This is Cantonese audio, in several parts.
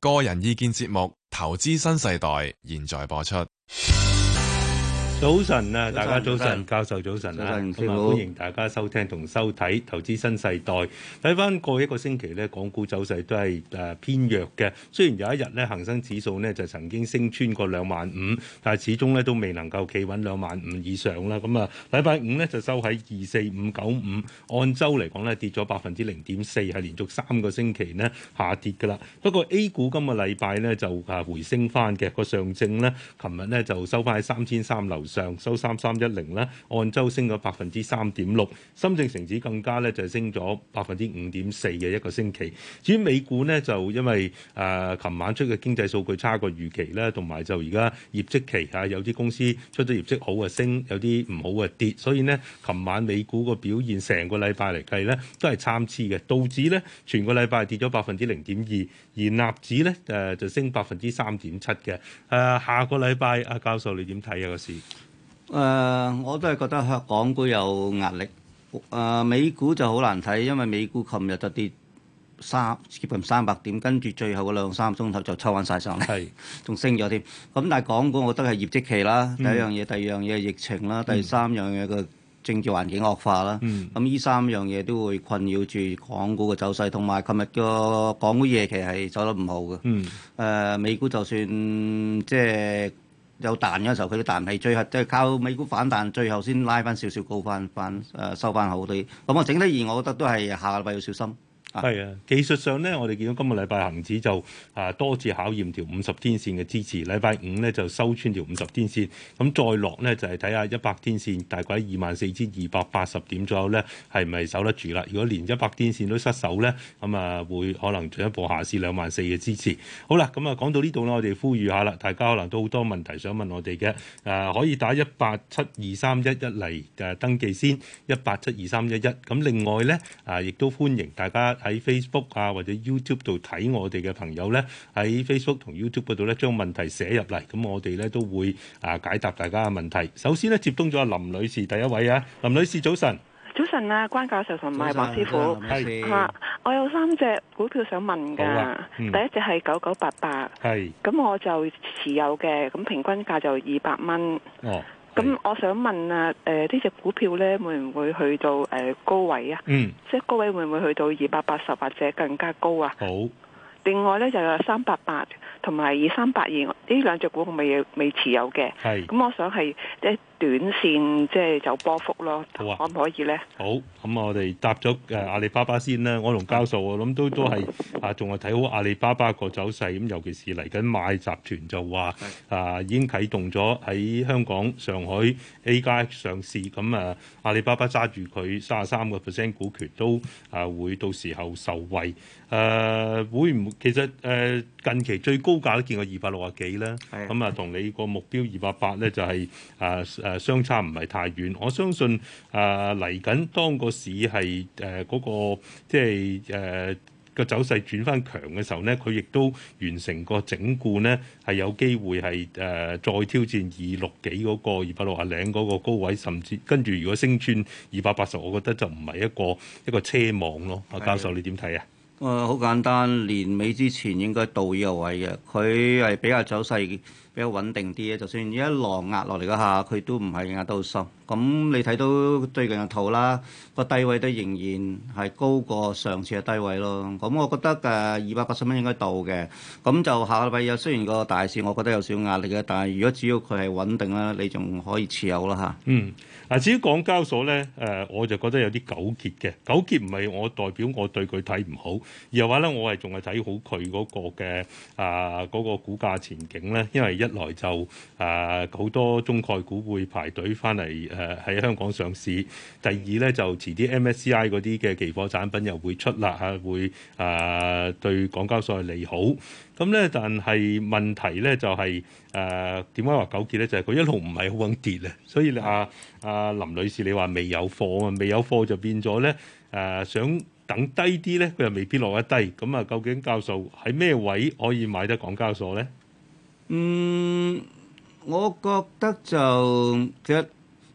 個人意見節目《投資新世代》現在播出。早晨啊，大家早晨，早安教授早晨啊，同埋歡迎大家收聽同收睇《投資新世代》。睇翻過去一個星期咧，港股走勢都係誒偏弱嘅。雖然有一日咧，恒生指數呢就曾經升穿過兩萬五，但係始終咧都未能夠企穩兩萬五以上啦。咁、嗯、啊，禮拜五咧就收喺二四五九五，按周嚟講咧跌咗百分之零點四，係連續三個星期呢下跌噶啦。不過 A 股今個禮拜咧就誒回升翻嘅，個上證咧，琴日咧就收翻喺三千三樓。上收三三一零啦，按周升咗百分之三點六，深證成指更加咧就係、是、升咗百分之五點四嘅一個星期。至於美股呢，就因為誒琴、呃、晚出嘅經濟數據差過預期咧，同埋就而家業績期嚇、啊，有啲公司出咗業績好啊升，有啲唔好啊跌，所以呢，琴晚美股個表現成個禮拜嚟計咧都係參差嘅，道指咧全個禮拜跌咗百分之零點二，而納指咧誒、呃、就升百分之三點七嘅。誒、呃、下個禮拜阿教授你點睇啊個市？誒、呃，我都係覺得香港股有壓力。誒、呃，美股就好難睇，因為美股琴日就跌三接近三百點，跟住最後兩三個鐘頭就抽返晒上嚟，仲是升咗添。咁但係港股，我覺得係業績期啦，第一樣嘢，第二樣嘢係疫情啦，第三樣嘢個政治環境惡化啦。咁呢、嗯、三樣嘢都會困擾住港股嘅走勢，同埋琴日個港股夜期係走得唔好嘅。誒、嗯呃，美股就算即係。有彈嗰陣時候，佢都彈唔起，最後就係、靠美股反彈，最後先拉翻少少，高翻翻，誒、呃、收翻好啲。咁啊，整體而言，我覺得都係下禮拜要小心。係啊，技術上咧，我哋見到今日禮拜恒指就啊多次考驗條五十天線嘅支持。禮拜五咧就收穿條五十天線，咁再落咧就係睇下一百天線大概喺二萬四千二百八十點左右咧係咪守得住啦？如果連一百天線都失守咧，咁啊會可能進一步下試兩萬四嘅支持。好啦，咁啊講到呢度啦，我哋呼籲下啦，大家可能都好多問題想問我哋嘅，誒、啊、可以打一八七二三一一嚟誒登記先，一八七二三一一。咁另外咧啊，亦都歡迎大家。喺 Facebook 啊或者 YouTube 度睇我哋嘅朋友咧，喺 Facebook 同 YouTube 嗰度咧，將問題寫入嚟，咁我哋咧都會啊解答大家嘅問題。首先咧接通咗阿林女士第一位啊，林女士早晨，早晨啊關教授同埋黃師傅，我有三隻股票想問㗎，第一隻係九九八八，係，咁我就持有嘅，咁平均價就二百蚊。咁我想問啊，誒、呃、呢隻股票咧會唔會去到誒、呃、高位啊？嗯，即係高位會唔會去到二百八十或者更加高啊？好。另外咧就有三百八同埋二三百二，呢兩隻股我未未持有嘅。係是。咁我想係即係。短線即係走波幅咯，好啊、可唔可以咧？好，咁我哋答咗誒阿里巴巴先啦。我同教授我諗都都係啊，仲係睇好阿里巴巴個走勢咁，尤其是嚟緊螞蟻集團就話啊，已經啟動咗喺香港、上海 A 加上市咁啊。阿里巴巴揸住佢三十三個 percent 股權都啊，會到時候受惠誒、啊？會唔其實誒、啊、近期最高價都見過二百六啊幾啦，咁啊同你個目標二百八咧就係、是、啊。誒相差唔係太遠，我相信誒嚟緊當個市係誒嗰個即係誒個走勢轉翻強嘅時候咧，佢亦都完成個整固咧，係有機會係誒、呃、再挑戰二六幾嗰個二百六啊零嗰個高位，甚至跟住如果升穿二百八十，我覺得就唔係一個一個奢望咯。阿教授你點睇啊？誒好、呃、簡單，年尾之前應該到呢個位嘅，佢係比較走勢。比較穩定啲嘅，就算一浪壓落嚟嗰下，佢都唔係壓到深。咁你睇到最近嘅圖啦，個低位都仍然係高過上次嘅低位咯。咁我覺得誒二百八十蚊應該到嘅。咁就下個禮拜有，雖然個大市我覺得有少少壓力嘅，但係如果只要佢係穩定啦，你仲可以持有啦嚇。嗯，嗱，至於港交所咧，誒我就覺得有啲糾結嘅。糾結唔係我代表我對佢睇唔好，而係話咧我係仲係睇好佢嗰個嘅啊嗰個股價前景咧，因為一，一來就啊，好、呃、多中概股會排隊翻嚟誒喺香港上市；第二咧就遲啲 MSCI 嗰啲嘅期貨產品又會出啦嚇、啊，會啊、呃、對港交所係利好。咁、嗯、咧，但係問題咧就係誒點解話糾結咧？就係、是、佢一路唔係好肯跌啊。所以阿、啊、阿、啊、林女士，你話未有貨啊，未有貨就變咗咧誒想等低啲咧，佢又未必落得低。咁啊，究竟教授喺咩位可以買得港交所咧？嗯，我覺得就其實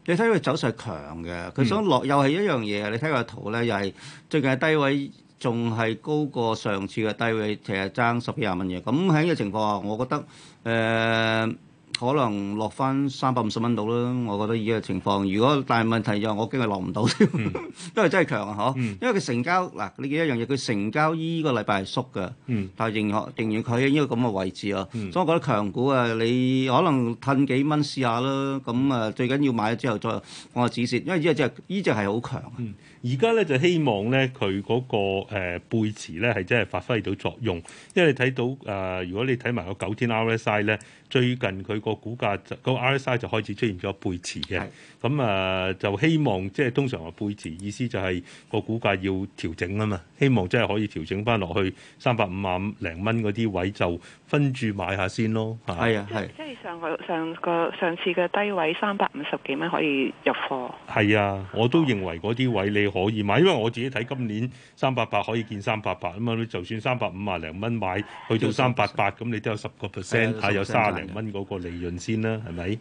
你睇佢走勢強嘅，佢想落、嗯、又係一樣嘢。你睇佢個圖咧，又係最近嘅低位仲係高過上次嘅低位，其實爭十幾廿蚊嘅。咁喺呢個情況下，我覺得誒。呃可能落翻三百五十蚊到啦，我覺得依家情況。如果但係問題就我驚佢落唔到， 因為真係強啊，嗬！嗯、因為佢成交嗱，呢、啊、幾一樣嘢，佢成交依個禮拜係縮嘅，嗯、但係仍然仍然佢喺呢個咁嘅位置啊。嗯、所以我覺得強股啊，你可能褪幾蚊試下啦。咁、嗯、啊，最緊要買咗之後再放個指示，因為依隻依隻係好強啊。嗯而家咧就希望咧佢嗰個誒背馳咧係真係發揮到作用，因為你睇到誒、呃，如果你睇埋個九天 RSI 咧，最近佢個股價就個 RSI 就開始出現咗背馳嘅，咁啊的就希望即係通常話背馳意思就係、是、個股價要調整啊嘛，希望真係可以調整翻落去三百五啊零蚊嗰啲位就分住買下先咯，係啊的，即係即係上個上個上次嘅低位三百五十幾蚊可以入貨。係啊的，我都認為嗰啲位你。可以買，因為我自己睇今年三百八可以見三百八啊嘛，就算三百五萬零蚊買，去到三百八咁，你都有十個 percent，係有三十零蚊嗰個利潤先啦，係咪？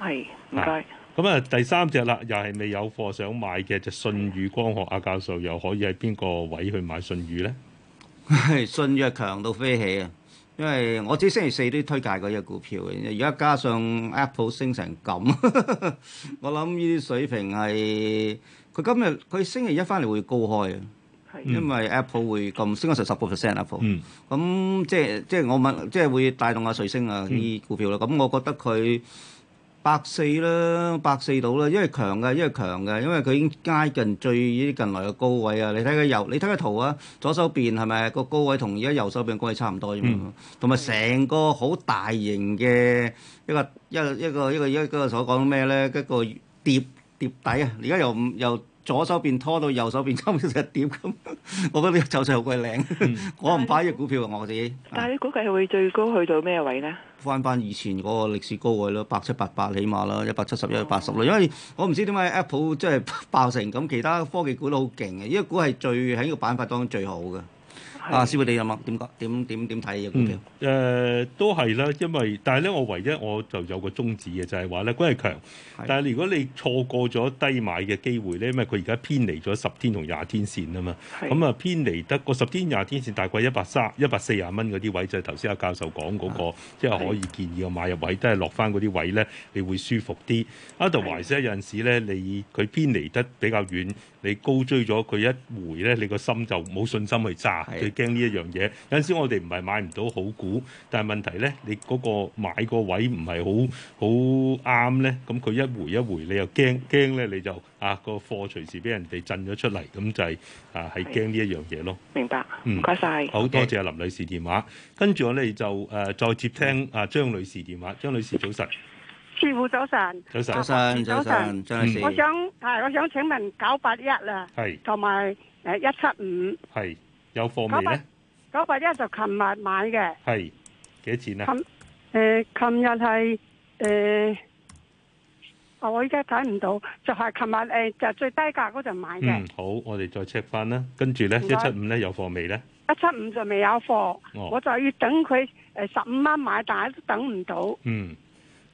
係，唔該。咁啊，第三隻啦，又係未有貨想買嘅就舜宇光學啊？教授又可以喺邊個位去買舜宇咧？舜宇強到飛起啊！因為我知星期四都推介嗰隻股票嘅，而家加上 Apple 升成咁， 我諗呢啲水平係。佢今日佢星期一翻嚟會高開啊，因為 App 會 Apple 會咁升咗成十個 percent Apple，咁即係即係我問，即係會帶動下、啊、瑞星啊啲、嗯、股票啦。咁、嗯、我覺得佢百四啦，百四到啦，因為強嘅，因為強嘅，因為佢已經接近最近來嘅高位啊。你睇佢右，你睇佢圖啊，左手邊係咪個高位同而家右手邊嘅高位差唔多啫嘛。同埋成個好大型嘅一個一一個一個一個，一個所講咩咧？一個碟。碟底啊！而家由唔又左手邊拖到右手邊，差唔多成碟咁。 我覺得呢就就好鬼靚，嗯、我唔買呢隻股票我自己。但係是、啊、你估計係會最高去到咩位咧？翻翻以前嗰個歷史高位咯，百七八八起碼啦，一百七十一百八十啦。因為我唔知點解 Apple 即係爆成咁，其他科技股都好勁嘅。呢、呢個股係最喺呢個板塊當中最好嘅。啊，師傅，你有冇點講？點點睇嘅？誒、嗯呃，都係啦，因為但係咧，我唯一我就有個宗旨嘅，就係話咧，股係強。的但係如果你錯過咗低買嘅機會咧，因為佢而家偏離咗十天同廿天線啊嘛。咁啊的，偏離得個十天廿天線，大概一百三、一百四十蚊嗰啲位，就係頭先阿教授講嗰、嗰個，即係的可以建議我買入位，都係落翻嗰啲位咧，你會舒服啲。啊，otherwise 有陣時咧，你佢偏離得比較遠。你高追咗佢一回咧，你個心就冇信心去揸，佢驚呢一樣嘢。有陣時我哋唔係買唔到好股，但係問題咧，你嗰個買個位唔係好好啱咧，咁佢一回一回你又驚驚咧，你就啊個貨隨時俾人哋震咗出嚟，咁就係啊係驚呢一樣嘢咯。明白，唔該晒。好多謝林女士電話，跟住我哋就誒再接聽啊張女士電話。張女士早晨。師傅早晨，早晨，早晨，早晨，早晨。我想，係我想請問九八一啦，係同埋誒一七五係有貨未咧？九八一就琴日買嘅，係幾錢啊？誒，琴日係誒，我依家睇唔到，就係琴日誒就最低價嗰陣買嘅。嗯，好，我哋再 check 翻啦。跟住咧，一七五咧有貨未咧？一七五就未有貨，我就要等佢誒十五蚊買，但係都等唔到。嗯。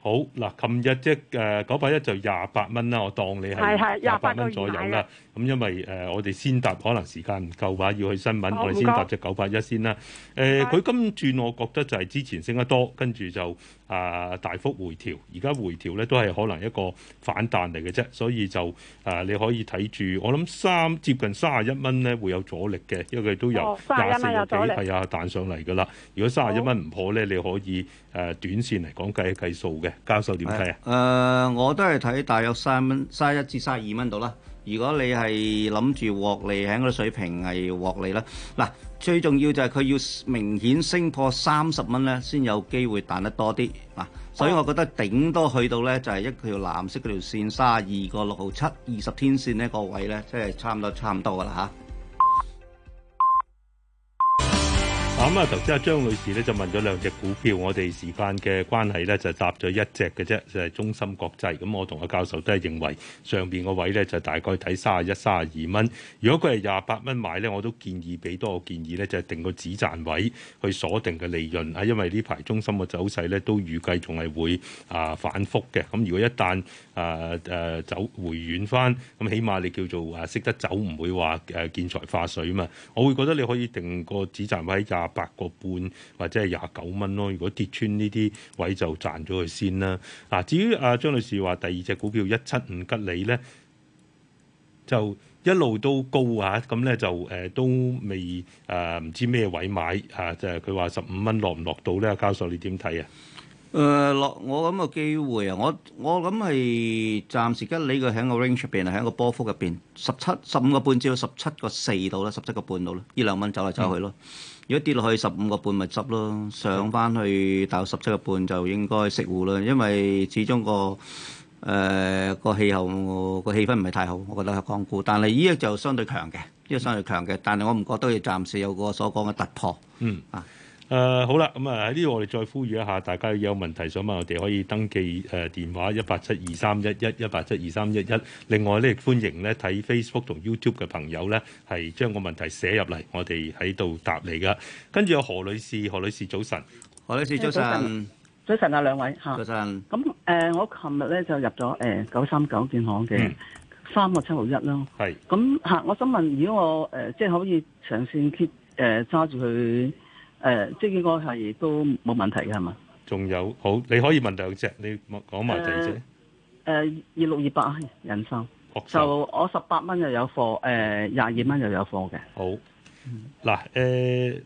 好嗱，琴日即係九八一就廿八蚊啦，我當你係廿八蚊左右啦。咁、嗯、因為誒、呃、我哋先答，可能時間唔夠話要去新聞，哦、我哋先答隻九八一先啦。誒、呃，佢今轉我覺得就係之前升得多，跟住就啊、呃、大幅回調，而家回調咧都係可能一個反彈嚟嘅啫。所以就啊、呃、你可以睇住，我諗三接近三十一蚊咧會有阻力嘅，因為佢都有廿四日幾係、哦、啊彈上嚟噶啦。如果三十一蚊唔破咧，你可以誒短線嚟講計計數嘅。教授點睇啊？誒、呃，我都係睇大約嘥蚊，嘥一至嘥二蚊度啦。如果你係諗住獲利喺嗰水平係獲利啦。嗱，最重要就係佢要明顯升破三十蚊咧，先有機會彈得多啲啊。所以我覺得頂多去到咧就係一條藍色嗰條線，嘥二個六毫七二十天線呢個位咧，即係差唔多，差唔多噶啦嚇。啊咁啊頭先阿張女士咧就問咗兩隻股票，我哋時間嘅關係咧就搭咗一隻嘅啫，就係、是、中芯國際。咁我同阿教授都係認為上邊個位咧就大概睇三十一、三十二蚊。如果佢係廿八蚊買咧，我都建議俾多個建議咧，就係、是、定個止賺位去鎖定嘅利潤啊。因為呢排中芯嘅走勢咧都預計仲係會啊反覆嘅。咁如果一旦啊誒走回軟翻，咁起碼你叫做啊識得走，唔會話誒見財化水啊嘛。我會覺得你可以定個止賺位入八個半或者係廿九蚊咯。如果跌穿呢啲位就賺咗佢先啦。嗱，至於阿張女士話第二隻股票一七五吉利咧，就一路都高嚇、啊，咁咧就誒、呃、都未啊，唔、呃、知咩位買啊？就係佢話十五蚊落唔落到咧、啊。教授你點睇啊？誒落、呃、我諗個機會啊，我我諗係暫時吉利佢喺個 range 入邊啊，喺個波幅入邊十七十五個半至到十七個四到啦，十七個半到啦，呢兩蚊走嚟走去咯。如果跌落去十五個半咪執咯，上翻去大約十七個半就應該食糊啦。因為始終個誒、呃、個氣候個氣氛唔係太好，我覺得係港股。但係依一就相對強嘅，呢個相對強嘅。但係我唔覺得佢暫時有個所講嘅突破。嗯啊。誒、呃、好啦，咁啊喺呢度我哋再呼籲一下，大家有問題想問我哋，可以登記誒電話一八七二三一一一八七二三一一。呃、11, 11，另外咧，歡迎咧睇 Facebook 同 YouTube 嘅朋友咧，係將個問題寫入嚟，我哋喺度答你噶。跟住有何女士，何女士早晨，何女士早晨，早晨安啊兩位嚇，啊、早晨安。咁誒、呃，我琴日咧就入咗誒九三九建行嘅三個七號一咯。係是。咁嚇、啊，我想問，如果我誒即係可以長線 keep 誒揸住佢？呃呃呃呃呃呃呃呃誒，即係應該係都冇問題嘅係嘛？仲有好，你可以問兩隻，你講埋仔啫。誒、呃，二六二八啊，呃、26, 人壽手就我十八蚊又有貨，誒、呃，廿二蚊又有貨嘅。好，嗱誒。呃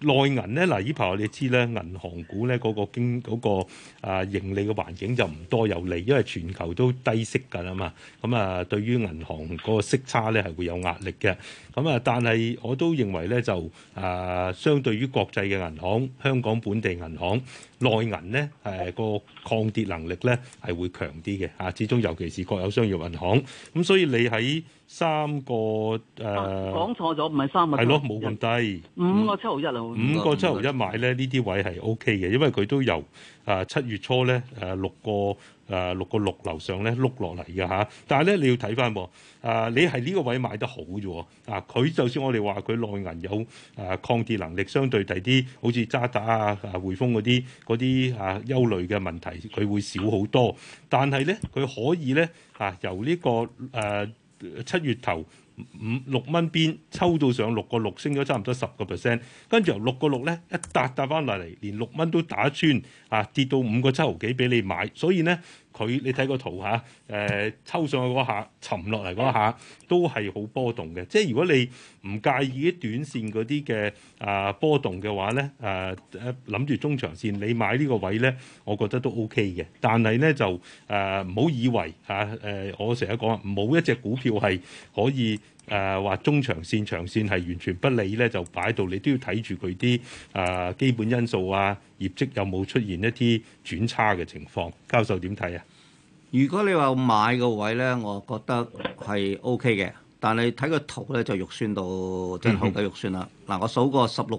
內銀咧，嗱依排我哋知咧，銀行股咧嗰個經嗰個啊盈利嘅環境就唔多有利，因為全球都低息㗎啦嘛。咁啊，對於銀行嗰個息差咧係會有壓力嘅。咁啊，但係我都認為咧就啊、呃，相對於國際嘅銀行，香港本地銀行。內銀咧，誒個抗跌能力咧係會強啲嘅嚇，始終尤其是國有商業銀行咁，所以你喺三個誒、呃啊、講錯咗唔係三個係咯冇咁低五個七毫一啊，五個七毫一買咧，呢啲位係 O K 嘅，因為佢都有。啊，七月初咧，誒、啊、六個，誒、啊、六個六樓上咧，碌落嚟嘅㗎。但係咧，你要睇返喎，啊，你係呢個位買得好啫。啊，佢就算我哋話佢內銀有誒、啊、抗跌能力，相對第啲好似渣打啊、匯豐嗰啲嗰啲啊憂慮嘅問題，佢會少好多。但係咧，佢可以咧，啊，由呢、這個誒、啊、七月頭。五六蚊邊抽到上六個六，升咗差唔多十個 percent，跟住由六個六咧一沓沓翻落嚟，連六蚊都打穿，啊，跌到五個七毫幾俾你買，所以咧佢，你睇個圖吓。啊誒、呃、抽上去嗰下，沉落嚟嗰下，下都係好波動嘅。即係如果你唔介意啲短線嗰啲嘅啊波動嘅話咧，誒誒諗住中長線你買呢個位咧，我覺得都 OK 嘅。但係咧就誒唔好以為吓誒、啊呃，我成日講話冇一隻股票係可以誒話、呃、中長線長線係完全不利咧，就擺喺度你都要睇住佢啲誒基本因素啊業績有冇出現一啲轉差嘅情況，教授點睇啊？如果你話買個位咧，我覺得係 OK 嘅，但係睇個圖咧就肉酸到真係好鬼肉酸啦！嗱，我數過十六，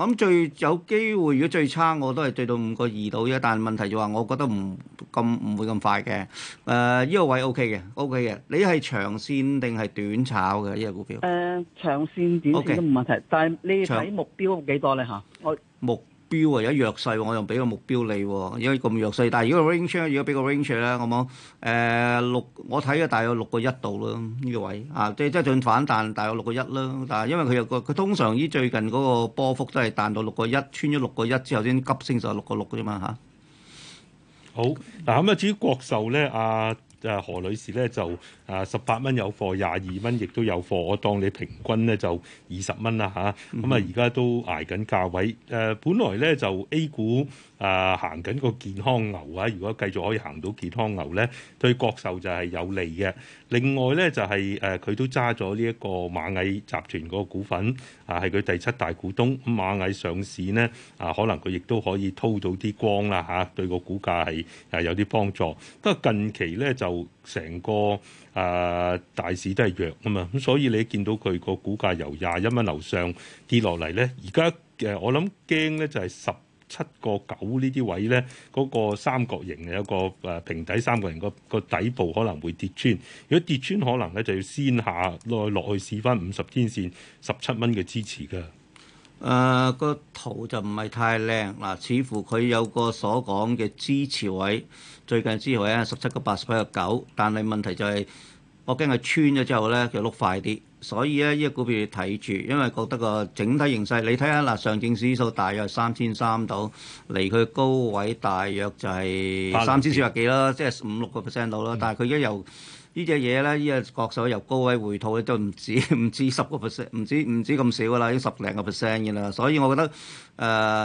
咁最有機會，如果最差我都係對到五個二度啫。但問題就話、是，我覺得唔咁唔會咁快嘅。誒、呃，呢、這個位 O K 嘅，O K 嘅。你係長線定係短炒嘅呢、這個股票？誒、呃，長線短線都冇問題。但係你睇目標幾多咧？嚇長，我目。標啊，而家弱勢，我又俾個目標你喎。而家咁弱勢，但係如果 range 如果俾個 range 咧，好冇？呃，六，我睇啊，大約六個一度啦，呢個位啊，即係即係進反彈，大約六個一啦。但係因為佢有個，佢通常呢，最近嗰個波幅都係彈到六個一，穿咗六個一之後先急升就係六個六嘅啫嘛嚇。啊、好，嗱咁啊，至於國壽咧，阿、啊、阿、啊、何女士咧就。啊！十八蚊有貨，廿二蚊亦都有貨。我當你平均咧就二十蚊啦嚇。咁啊，而家、嗯、都捱緊價位。誒、呃，本來咧就 A 股啊、呃、行緊個健康牛啊。如果繼續可以行到健康牛咧，對國壽就係有利嘅。另外咧就係、是、誒，佢、呃、都揸咗呢一個螞蟻集團個股份啊，係佢第七大股東。螞、啊、蟻上市咧啊，可能佢亦都可以叨到啲光啦嚇、啊，對個股價係係有啲幫助。不過近期咧就成個。啊，uh, 大市都係弱啊嘛，咁所以你見到佢個股價由廿一蚊樓上跌落嚟咧，而家誒我諗驚咧就係十七個九呢啲位咧，嗰個三角形有個誒平底三角形個個底部可能會跌穿，如果跌穿可能咧就要先下落去，落去試翻五十天線十七蚊嘅支持㗎。誒、呃那個圖就唔係太靚，嗱、呃，似乎佢有個所講嘅支持位，最近支持位咧，十七個八十八個九，但係問題就係我驚佢穿咗之後咧，佢碌快啲，所以咧依、這個股票要睇住，因為覺得個整體形勢，你睇下嗱，上證指數大約三千三度，離佢高位大約就係三千四百幾啦，即係五六個 percent 度啦，但係佢一由呢隻嘢咧，依個國壽由高位回吐咧，都唔止唔止十個 percent，唔止唔止咁少㗎啦，已經十零個 percent 嘅啦。所以我覺得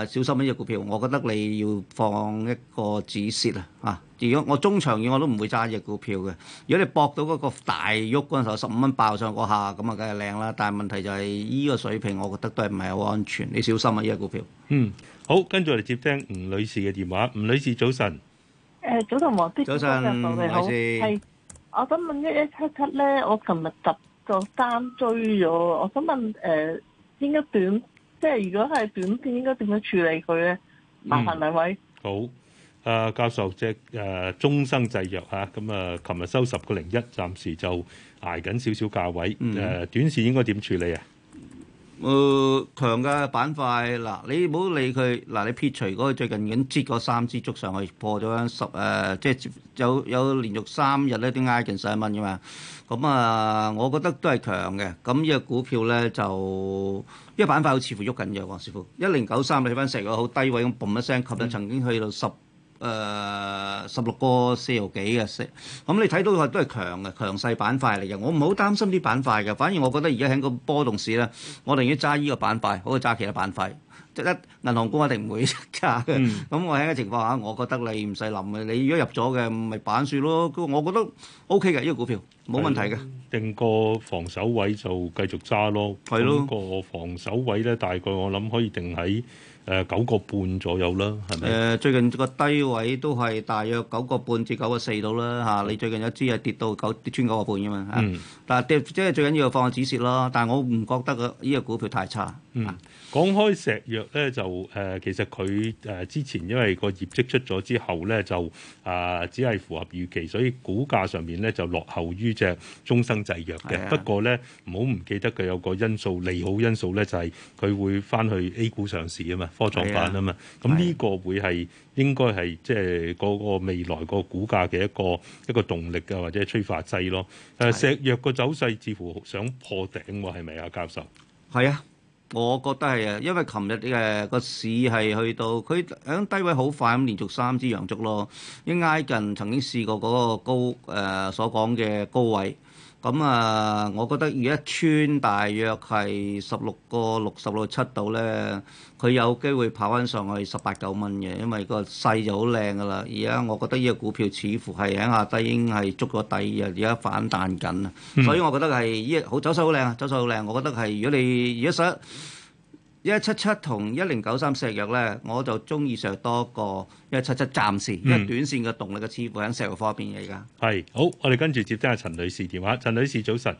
誒小心呢隻股票。我覺得你要放一個止蝕啊！嚇，如果我中長遠我都唔會揸呢隻股票嘅。如果你博到嗰個大喐嗰陣時候十五蚊爆上嗰下，咁啊梗係靚啦。但係問題就係呢個水平，我覺得都係唔係好安全。你小心啊！呢隻股票。嗯，好，跟住我哋接聽吳女士嘅電話。吳女士早晨。誒，早同黃先生早晨，你好。係。我想問一一七七咧，我琴日十個三追咗，我想問誒應該短，即係如果係短線應該點樣處理佢咧？麻煩兩位。好，阿教授即係誒中生製藥嚇，咁啊，琴日收十個零一，暫時就挨緊少少價位。誒短線應該點處理啊？誒、呃、強嘅板塊嗱，你唔好理佢嗱，你撇除嗰個最近已經跌嗰三支足上去破咗十誒，即係有有連續三日咧都挨近十一蚊嘅嘛。咁啊、呃，我覺得都係強嘅。咁呢個股票咧就呢個板塊好似乎喐緊嘅，黃師傅一零九三，你睇翻成個好低位咁，嘣一聲，今日曾經去到十、嗯。誒、呃、十六個四毫幾嘅四，咁你睇到佢都係強嘅強勢板塊嚟嘅，我唔好擔心啲板塊嘅，反而我覺得而家喺個波動市咧，我寧願揸依個板塊，好過揸其他板塊。即係銀行股一定唔會揸嘅，咁、嗯、我喺嘅情況下，我覺得你唔使諗嘅，你如果入咗嘅，咪板算咯。我覺得 OK 嘅呢、呢個股票冇問題嘅，定個防守位就繼續揸對咯。係咯，個防守位咧大概我諗可以定喺。誒九個半左右啦，係咪、呃？誒最近個低位都係大約九個半至九個四到啦嚇，你最近一支係跌到九，跌穿九個半嘅嘛嚇，但，嗱跌，即係最緊要放個止蝕咯，但我唔覺得個依個股票太差。嗯。啊講開石藥咧，就誒其實佢誒之前因為個業績出咗之後咧，就啊只係符合預期，所以股價上面咧就落後於隻中生製藥嘅是、啊。不過咧，唔好唔記得佢有個因素利好因素咧，就係佢會翻去 A 股上市啊嘛，科創板是啊嘛。咁呢個會係應該係即係嗰個未來個股價嘅一個一個動力呀或者催化劑咯。誒石藥個走勢似乎想破頂喎，係咪啊，教授？係啊。我覺得係啊，因為琴日啲誒個市係去到佢響低位好快咁連續三支陽燭咯，依挨近曾經試過嗰個高誒、呃、所講嘅高位。咁啊、嗯，我覺得而家穿大約係十六個六十六七度咧，佢有機會跑翻上去十八九蚊嘅，因為個勢就好靚㗎喇。而家我覺得呢個股票似乎係喺下低，已經係捉咗底，又而家反彈緊啊。嗯、所以我覺得係呢好走勢好靚啊，走勢好靚。我覺得係如果你而家想。Yes, 一七七同一零九三石藥咧，我就中意上多個一七七，暫時因為短線嘅動力嘅似乎喺石藥方面嘅而家。係、mm. 好，我哋跟住接聽阿陳女士電話。陳女士早晨，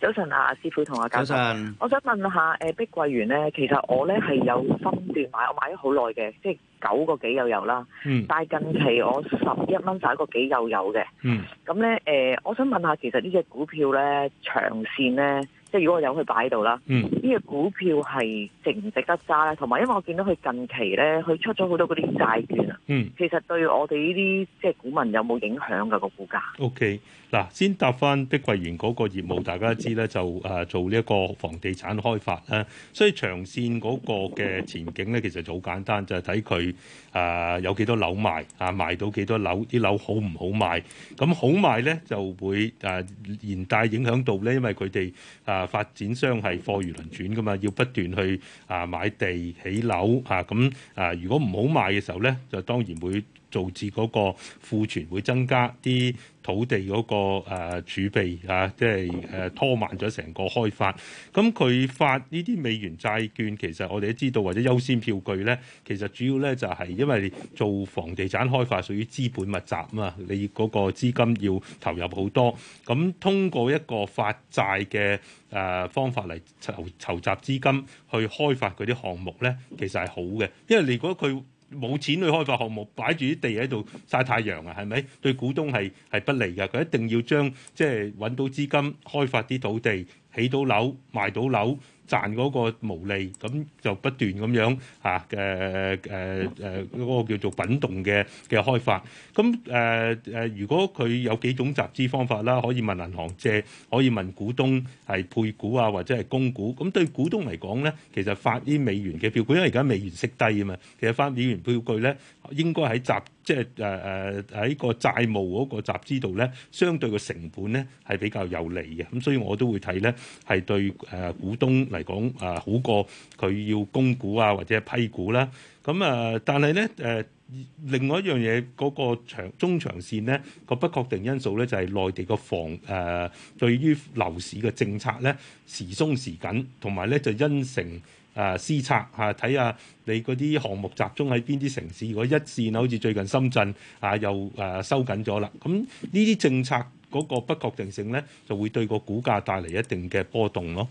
早晨啊，師傅同阿教授，早晨我想問下誒碧桂園咧，其實我咧係有分段買，我買咗好耐嘅，即係九個幾又有啦。但係近期我十一蚊就一個幾又有嘅。嗯、mm.，咁咧誒，我想問下，其實呢隻股票咧長線咧？即係如果我有佢擺喺度啦，呢個股票係值唔值得揸咧？同埋，因為我見到佢近期咧，佢出咗好多嗰啲債券啊。其實對我哋呢啲即係股民有冇影響㗎個股價？OK，嗱，先答翻碧桂園嗰個業務，大家知咧就誒做呢一個房地產開發啦。所以長線嗰個嘅前景咧，其實就好簡單，就係睇佢誒有幾多樓賣啊，賣到幾多樓？啲樓好唔好賣？咁好賣咧，就會誒連帶影響到咧，因為佢哋誒。發展商係貨如輪轉噶嘛，要不斷去啊買地起樓吓咁啊！如果唔好賣嘅時候咧，就當然會。導致嗰個庫存會增加，啲土地嗰、那個誒、呃、儲備啊，即係誒、啊、拖慢咗成個開發。咁佢發呢啲美元債券，其實我哋都知道或者優先票據咧，其實主要咧就係因為做房地產開發屬於資本密集啊嘛，你嗰個資金要投入好多。咁通過一個發債嘅誒、呃、方法嚟籌籌集資金去開發嗰啲項目咧，其實係好嘅，因為你如果佢。冇錢去開發項目，擺住啲地喺度曬太陽啊，係咪對股東係係不利㗎？佢一定要將即係揾到資金開發啲土地，起到樓賣到樓。賺嗰個毛利，咁就不斷咁樣嚇嘅嘅嘅嗰個叫做滾動嘅嘅開發。咁誒誒，如果佢有幾種集資方法啦，可以問銀行借，可以問股東係配股啊，或者係供股。咁對股東嚟講咧，其實發啲美元嘅票據，因為而家美元息低啊嘛，其實發美元票據咧，應該喺集。即係誒誒喺個債務嗰個集資度咧，相對個成本咧係比較有利嘅，咁所以我都會睇咧係對誒、呃、股東嚟講啊、呃、好過佢要供股啊或者批股啦、啊，咁、嗯、啊、呃、但係咧誒另外一樣嘢嗰、那個長中長線咧個不確定因素咧就係、是、內地個房誒、呃、對於樓市嘅政策咧時鬆時緊，同埋咧就因城。啊！施策嚇，睇、啊、下你嗰啲項目集中喺邊啲城市。如果一線好似最近深圳嚇、啊、又誒、啊、收緊咗啦。咁呢啲政策嗰個不確定性咧，就會對個股價帶嚟一定嘅波動咯。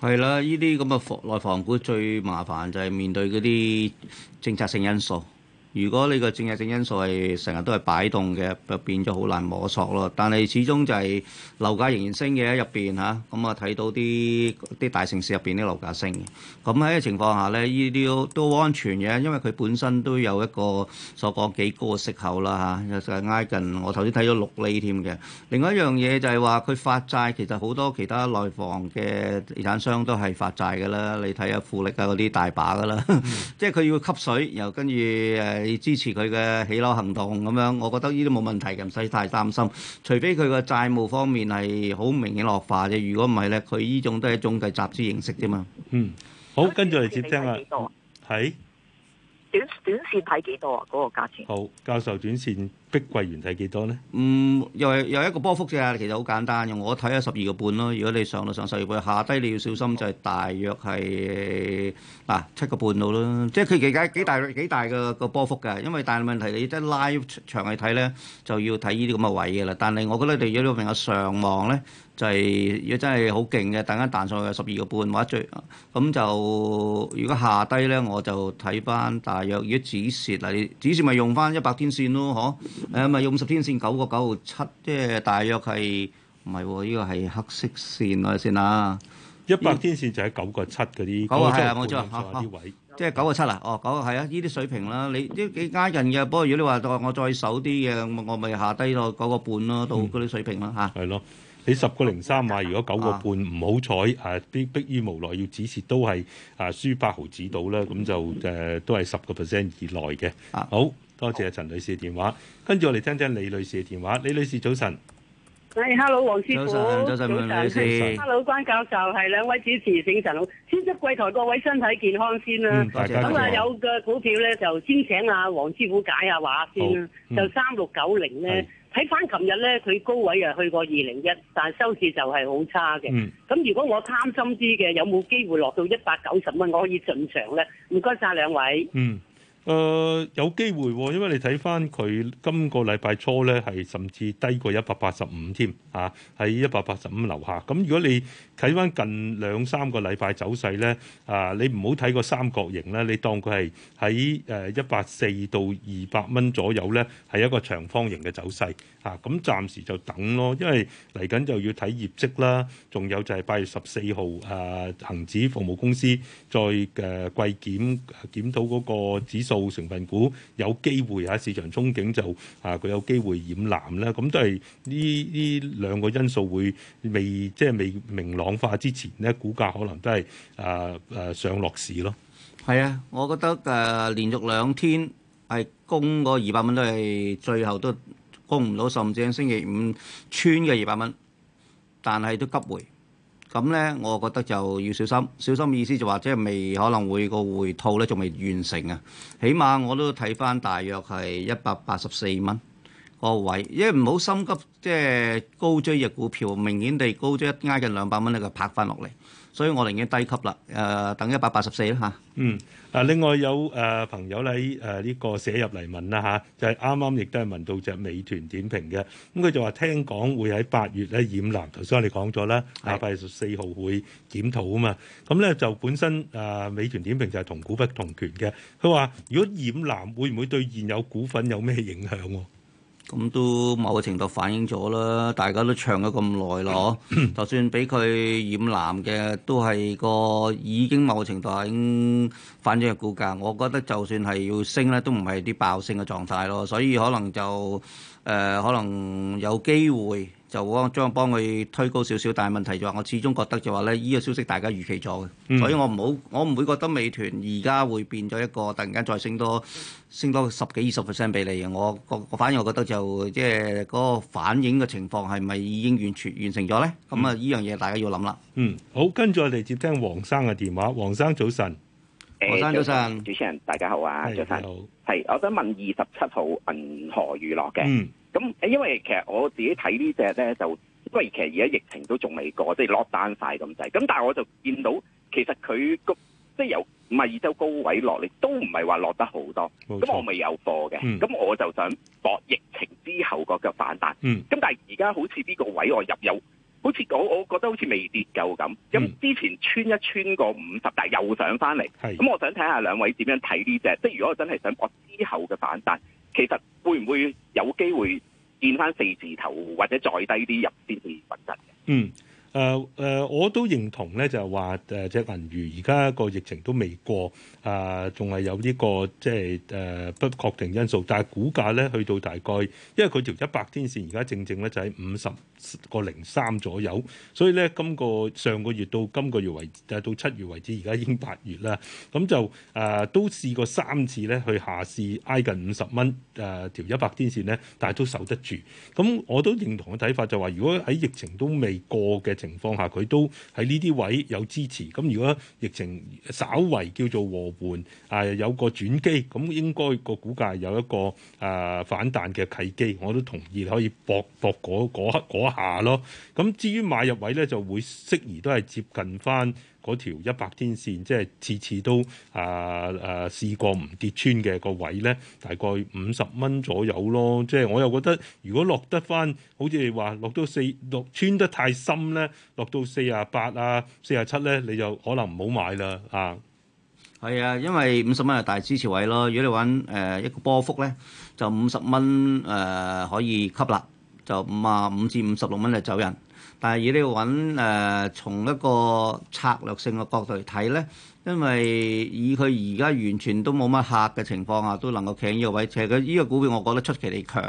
係啦、啊，呢啲咁嘅內房股最麻煩就係面對嗰啲政策性因素。如果你個正嘅正因素係成日都係擺動嘅，就變咗好難摸索咯。但係始終就係樓價仍然升嘅喺入邊嚇，咁啊睇到啲啲大城市入邊啲樓價升，咁喺個情況下咧，呢啲都安全嘅，因為佢本身都有一個所講幾高嘅息口啦嚇、啊，就係、是、挨近我頭先睇咗六厘添嘅。另外一樣嘢就係話佢發債，其實好多其他內房嘅地產商都係發債㗎啦。你睇下富力啊嗰啲大把㗎啦，即係佢要吸水，然後跟住誒。你支持佢嘅起樓行動咁樣，我覺得呢啲冇問題嘅，唔使太擔心。除非佢個債務方面係好明顯惡化啫，如果唔係咧，佢呢種都係一種嘅集資形式啫嘛。嗯，好，跟住嚟接聽啊，係。短短線睇幾多啊？嗰、那個價錢。好，教授，短線碧桂園睇幾多咧？嗯，又係又係一個波幅啫。其實好簡單，用我睇下十二個半咯。如果你上到上十二個半，下低你要小心，就係、是、大約係啊七個半度咯。即係佢而家幾大幾大嘅個，個波幅㗎。因為但係問題你真拉長長嚟睇咧，就要睇呢啲咁嘅位嘅啦。但係我覺得你哋有啲朋友上望咧。就係如果真係好勁嘅，等間彈上去十二個半，或者最咁就如果下低咧，我就睇翻大約如果紫色嗱，紫色咪用翻一百天線咯，嗬？誒咪用五十天線九個九號七，即係大約係唔係？呢個係黑色線啊先啊！一百天線就喺九個七嗰啲九個七，啊，冇錯嚇嚇。即係九個七啊？哦，九個係啊，呢啲水平啦。你都幾接人嘅。不過如果你話我再搜啲嘅，我咪下低到九個半咯，到嗰啲水平啦吓，係咯。你十個零三買，如果九個半唔好彩，誒逼逼於無奈要止蝕都係誒輸百毫子到啦。咁就誒都係十個 percent 以內嘅。好多謝陳女士嘅電話，跟住我哋聽聽李女士嘅電話。李女士早晨，誒、hey,，hello 黃師傅，早晨，早晨，hello 關教授，係兩位主持，請陳老先祝櫃台各位身體健康先啦。咁啊，有個股票咧，就先請阿黃師傅解，解下話先啦，啊。好就三六九零咧。睇翻琴日咧，佢高位啊去過二零一，但係收市就係好差嘅。咁如果我貪心啲嘅，有冇機會落到一百九十蚊，我可以進場咧？唔該晒兩位。嗯，誒有機會，因為你睇翻佢今個禮拜初咧，係甚至低過一百八十五添，吓，喺一百八十五樓下。咁如果你睇翻近兩三個禮拜走勢咧，啊，你唔好睇個三角形咧，你當佢係喺誒一百四到二百蚊左右咧，係一個長方形嘅走勢啊，咁、嗯、暫時就等咯，因為嚟緊就要睇業績啦，仲有就係八月十四號啊恒指服務公司再誒季檢檢討嗰個指數成分股有機會吓、啊、市場憧憬就啊佢有機會染藍啦。咁、啊嗯、都係呢呢兩個因素會未即係未明朗。講法之前咧，股價可能都係誒誒上落市咯。係啊，我覺得誒、呃、連續兩天係攻個二百蚊都係最後都攻唔到，甚至星期五穿嘅二百蚊，但係都急回。咁咧，我覺得就要小心。小心意思就話、是，即係未可能會個回吐咧，仲未完成啊。起碼我都睇翻，大約係一百八十四蚊。各位，因為唔好心急，即係高追嘅股票，明顯地高追一挨近兩百蚊咧，就拍翻落嚟。所以我寧願低級啦，誒等一百八十四啦嚇。嗯，啊另外有誒朋友咧誒呢個寫入嚟問啦嚇，就係啱啱亦都係問到隻美團點評嘅，咁佢就話聽講會喺八月咧染藍，頭先我哋講咗啦，八月十四號會檢討啊嘛。咁咧就本身誒美團點評就係同股不同權嘅，佢話如果染藍會唔會對現有股份有咩影響？咁都某個程度反映咗啦，大家都唱咗咁耐咯。 就算俾佢染藍嘅，都係個已經某個程度已經反映咗股價。我覺得就算係要升咧，都唔係啲爆升嘅狀態咯，所以可能就誒、呃、可能有機會。就會幫將幫佢推高少少，但係問題就話、是、我始終覺得就話、是、咧，依、這個消息大家預期咗嘅，嗯、所以我唔好，我唔會覺得美團而家會變咗一個突然間再升多升多十幾二十 percent 俾你嘅。我個我，我反而覺得就是、即係嗰個反應嘅情況係咪已經完全完成咗咧？咁啊、就是，呢樣嘢大家要諗啦。嗯，好，跟住我哋接聽黃生嘅電話。黃生早晨，黃生、欸、早晨，主持人大家好啊，早晨好。係、欸晨，我想問二十七號銀河娛樂嘅。咁、嗯，因為其實我自己睇呢隻咧，就因為其實而家疫情都仲未過，即係落單晒咁滯。咁但係我就見到其實佢個即係由唔係二周高位落嚟，都唔係話落得好多。咁冇錯、嗯、我未有貨嘅，咁、嗯、我就想搏疫情之後個反彈。咁、嗯、但係而家好似呢個位我入有，好似我我覺得好似未跌夠咁。咁、嗯、之前穿一穿個五十，但係又上返嚟。咁、嗯、我想睇下兩位點樣睇呢隻？即係如果我真係想搏之後嘅反彈。其實會唔會有機會見翻四字頭，或者再低啲入先至穩陣？嗯。誒誒、呃，我都認同咧，就係話誒，隻銀娛而家個疫情都未過，啊、呃，仲係有呢、這個即係誒、呃、不確定因素。但係股價咧去到大概，因為佢條一百天線而家正正咧就喺五十個零三左右，所以咧今個上個月到今個月為，誒到七月為止，而家已經八月啦。咁、嗯、就誒、呃、都試過三次咧去下試挨近五十蚊誒條一百天線咧，但係都守得住。咁、嗯、我都認同嘅睇法就係話，如果喺疫情都未過嘅情情況下，佢都喺呢啲位有支持。咁如果疫情稍為叫做和緩，啊有個轉機，咁應該個股價有一個啊反彈嘅契機，我都同意可以搏搏嗰下咯。咁至於買入位咧，就會適宜都係接近翻，嗰條一百天線，即係次次都啊啊試過唔跌穿嘅個位咧，大概五十蚊左右咯。即係我又覺得，如果落得翻，好似你話落到四落穿得太深咧，落到四啊八啊、四啊七咧，你就可能唔好買啦。啊，係啊，因為五十蚊係大支持位咯。如果你揾誒、呃、一個波幅咧，就五十蚊誒可以吸啦，就五啊五至五十六蚊就走人。但係以呢個揾誒，從一個策略性嘅角度嚟睇咧，因為以佢而家完全都冇乜客嘅情況下，都能夠企呢個位，其實佢呢個股票我覺得出奇地強，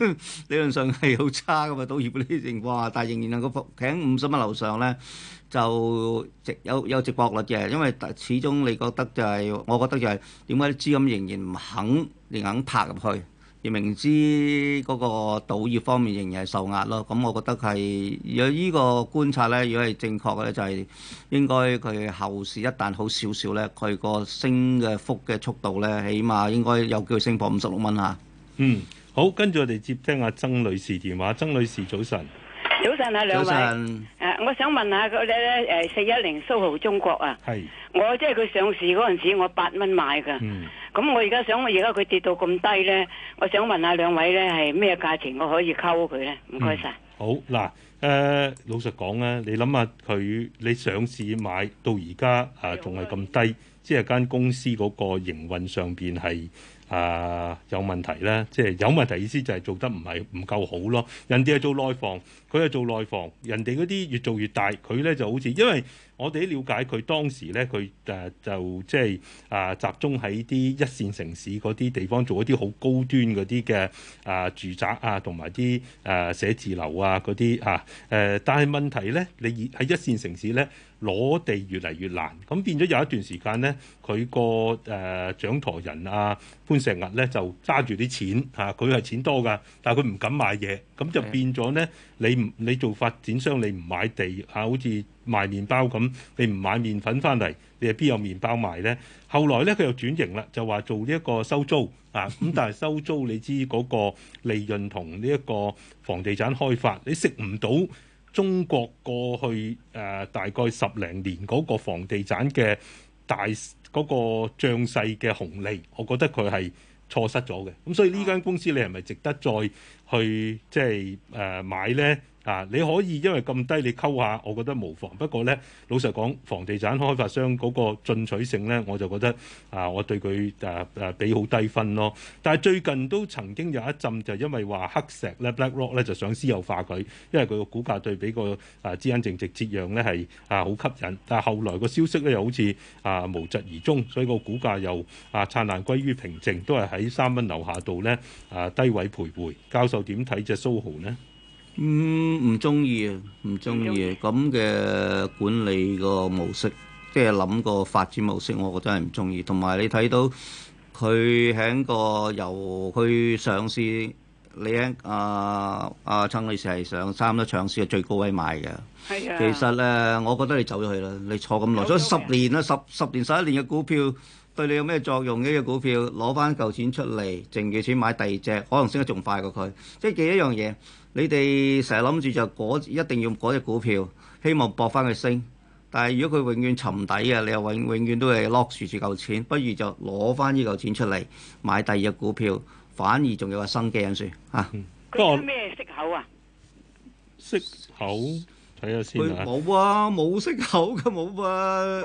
理論上係好差噶嘛，賭業呢啲情況下，但係仍然能夠企五十蚊樓上咧，就有有直有有值博率嘅，因為始終你覺得就係、是，我覺得就係點解啲資金仍然唔肯，唔肯拍入去。而明知嗰個賭業方面仍然係受壓咯，咁、嗯、我覺得係有依個觀察咧，如果係正確嘅咧，就係、是、應該佢後市一旦好少少咧，佢個升嘅幅嘅速度咧，起碼應該有機會升破五十六蚊嚇。嗯，好，跟住我哋接聽阿曾女士電話。曾女士，早晨。早晨啊，兩位。誒，我想問下嗰咧誒，四一零蘇豪中國啊，我即係佢上市嗰陣時，我八蚊買㗎。咁我而家想，而家佢跌到咁低咧，我想問下兩位咧係咩價錢我可以溝佢咧？唔該晒。好嗱，誒老實講咧，你諗下佢你上市買到而家啊，仲係咁低，即係間公司嗰個營運上面係。誒、啊、有問題啦，即係有問題意思就係做得唔係唔夠好咯。人哋係做內房，佢係做內房，人哋嗰啲越做越大，佢咧就好似因為。我哋了解佢當時咧，佢誒就即係、就是、啊，集中喺啲一,一線城市嗰啲地方做一啲好高端嗰啲嘅啊住宅啊，同埋啲誒寫字樓啊嗰啲啊。誒、啊。但係問題咧，你喺一線城市咧攞地越嚟越難，咁變咗有一段時間咧，佢個誒掌舵人啊潘石屹咧就揸住啲錢嚇，佢、啊、係錢多㗎，但係佢唔敢買嘢，咁就變咗咧你唔你做發展商你唔買地啊，好似。賣麵包咁，你唔買麵粉翻嚟，你係邊有麵包賣呢？後來呢，佢又轉型啦，就話做呢一個收租啊。咁但係收租，你知嗰個利潤同呢一個房地產開發，你食唔到中國過去誒、呃、大概十零年嗰個房地產嘅大嗰、嗰個漲勢嘅紅利，我覺得佢係錯失咗嘅。咁所以呢間公司，你係咪值得再去即係誒、呃、買呢？啊！你可以因為咁低你溝下，我覺得無妨。不過咧，老實講，房地產開發商嗰個進取性咧，我就覺得啊，我對佢誒誒俾好低分咯。但係最近都曾經有一陣，就因為話黑石咧、BlackRock 咧就想私有化佢，因為佢個股價對比個啊資產淨值折讓咧係啊好吸引。但係後來個消息咧又好似啊無疾而終，所以個股價又啊燦爛歸於平靜，都係喺三蚊樓下度咧啊低位徘徊。教授點睇隻蘇豪呢？唔唔中意啊！唔中意咁嘅管理個模式，即係諗個發展模式，我覺得係唔中意。同埋你睇到佢喺個由佢上市，你喺、呃、啊啊陳女士係上差唔多上市嘅最高位買嘅，係啊。其實咧，我覺得你走咗去啦。你坐咁耐，所以十年啦，十十年十一年嘅股票對你有咩作用咧？呢個股票攞翻嚿錢出嚟，剩幾錢買第二隻，可能升得仲快過佢。即係幾一樣嘢。你哋成日諗住就一定要嗰隻股票，希望搏翻佢升。但係如果佢永遠沉底啊，你又永永遠都係鎖住住嚿錢，不如就攞翻呢嚿錢出嚟買第二隻股票，反而仲有個新機咁算嚇。咩、啊嗯嗯、息口啊？息口。佢冇啊，冇息口㗎，冇啊，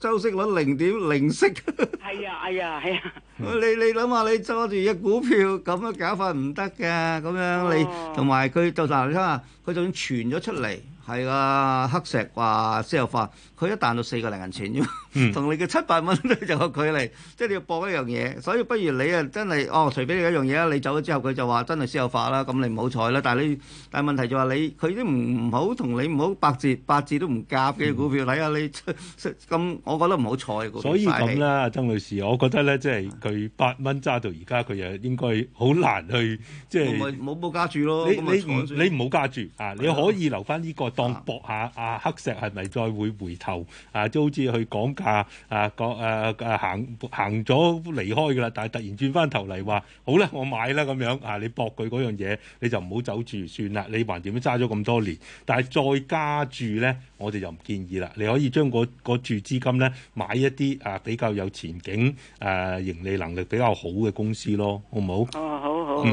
周息率零點零息。係 啊，哎呀，係、嗯、啊。你你諗下，你揸住隻股票咁樣搞法唔得㗎，咁樣你同埋佢就嗱，你睇下，佢仲傳咗出嚟。係啊，黑石話私有化，佢一彈到四個零銀錢啫同、嗯、你嘅七百蚊都有個距離。即係你要搏一樣嘢，所以不如你啊，真係哦，隨便你一樣嘢啦。你走咗之後，佢就話真係私有化啦，咁你唔好彩啦。但係你但係問題就係你佢都唔好同你唔好八字八字都唔夾嘅股票，睇下你咁，我覺得唔好彩。所以咁啦，阿曾女士，我覺得咧，即係佢八蚊揸到而家，佢又應該好難去即係冇冇加住咯。你唔好加住，啊！你可以留翻呢個的。當搏下阿、啊、黑石係咪再會回頭啊？即好似去講價啊，個誒誒行行咗離開噶啦，但係突然轉翻頭嚟話：好啦，我買啦咁樣啊！你搏佢嗰樣嘢，你就唔好走住算啦。你還點樣揸咗咁多年？但係再加住咧，我哋就唔建議啦。你可以將嗰、那、嗰、個、住資金咧買一啲啊比較有前景誒、啊、盈利能力比較好嘅公司咯，好唔好？哦，好好好，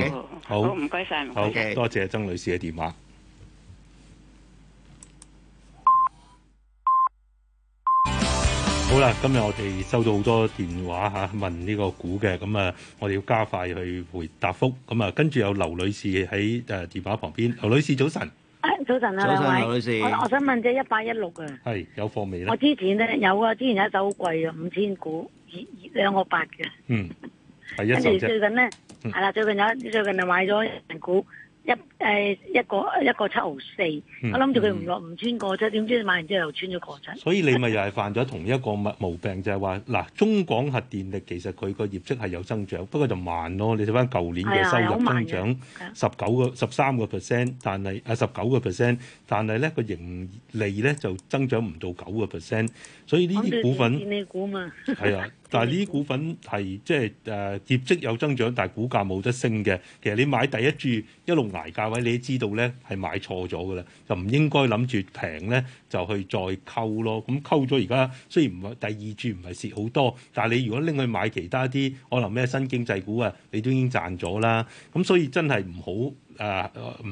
好、嗯，唔該晒，多謝曾女士嘅電話。好啦，今日我哋收到好多電話吓，問呢個股嘅？咁啊，我哋要加快去回答覆咁啊，跟住有劉女士喺誒電話旁邊，劉女士早晨。早晨啊，早晨劉女士，我想問即係一八一六嘅，係有貨未咧？我之前咧有啊，之前有一手好貴啊，五千股二二兩個八嘅。嗯，係一手啫，跟住最近咧係啦，最近有最近就買咗一股，一誒一個一個七毫四，我諗住佢唔落唔穿個啫。點知買完之後又穿咗個啫。所以你咪又係犯咗同一個物毛病， 就係話嗱，中廣核電力其實佢個業績係有增長，不過就慢咯。你睇翻舊年嘅收入增長 19,，十九個十三個 percent，但係啊十九個 percent，但係咧個盈利咧就增長唔到九個 percent。所以呢啲股份，你估嘛？係啊。但係呢啲股份係即係誒業績有增長，但係股價冇得升嘅。其實你買第一注一路捱價位，你都知道咧係買錯咗㗎啦，就唔應該諗住平咧就去再溝咯。咁溝咗而家雖然唔係第二注唔係蝕好多，但係你如果拎去買其他啲可能咩新經濟股啊，你都已經賺咗啦。咁、嗯、所以真係唔好。誒唔、啊、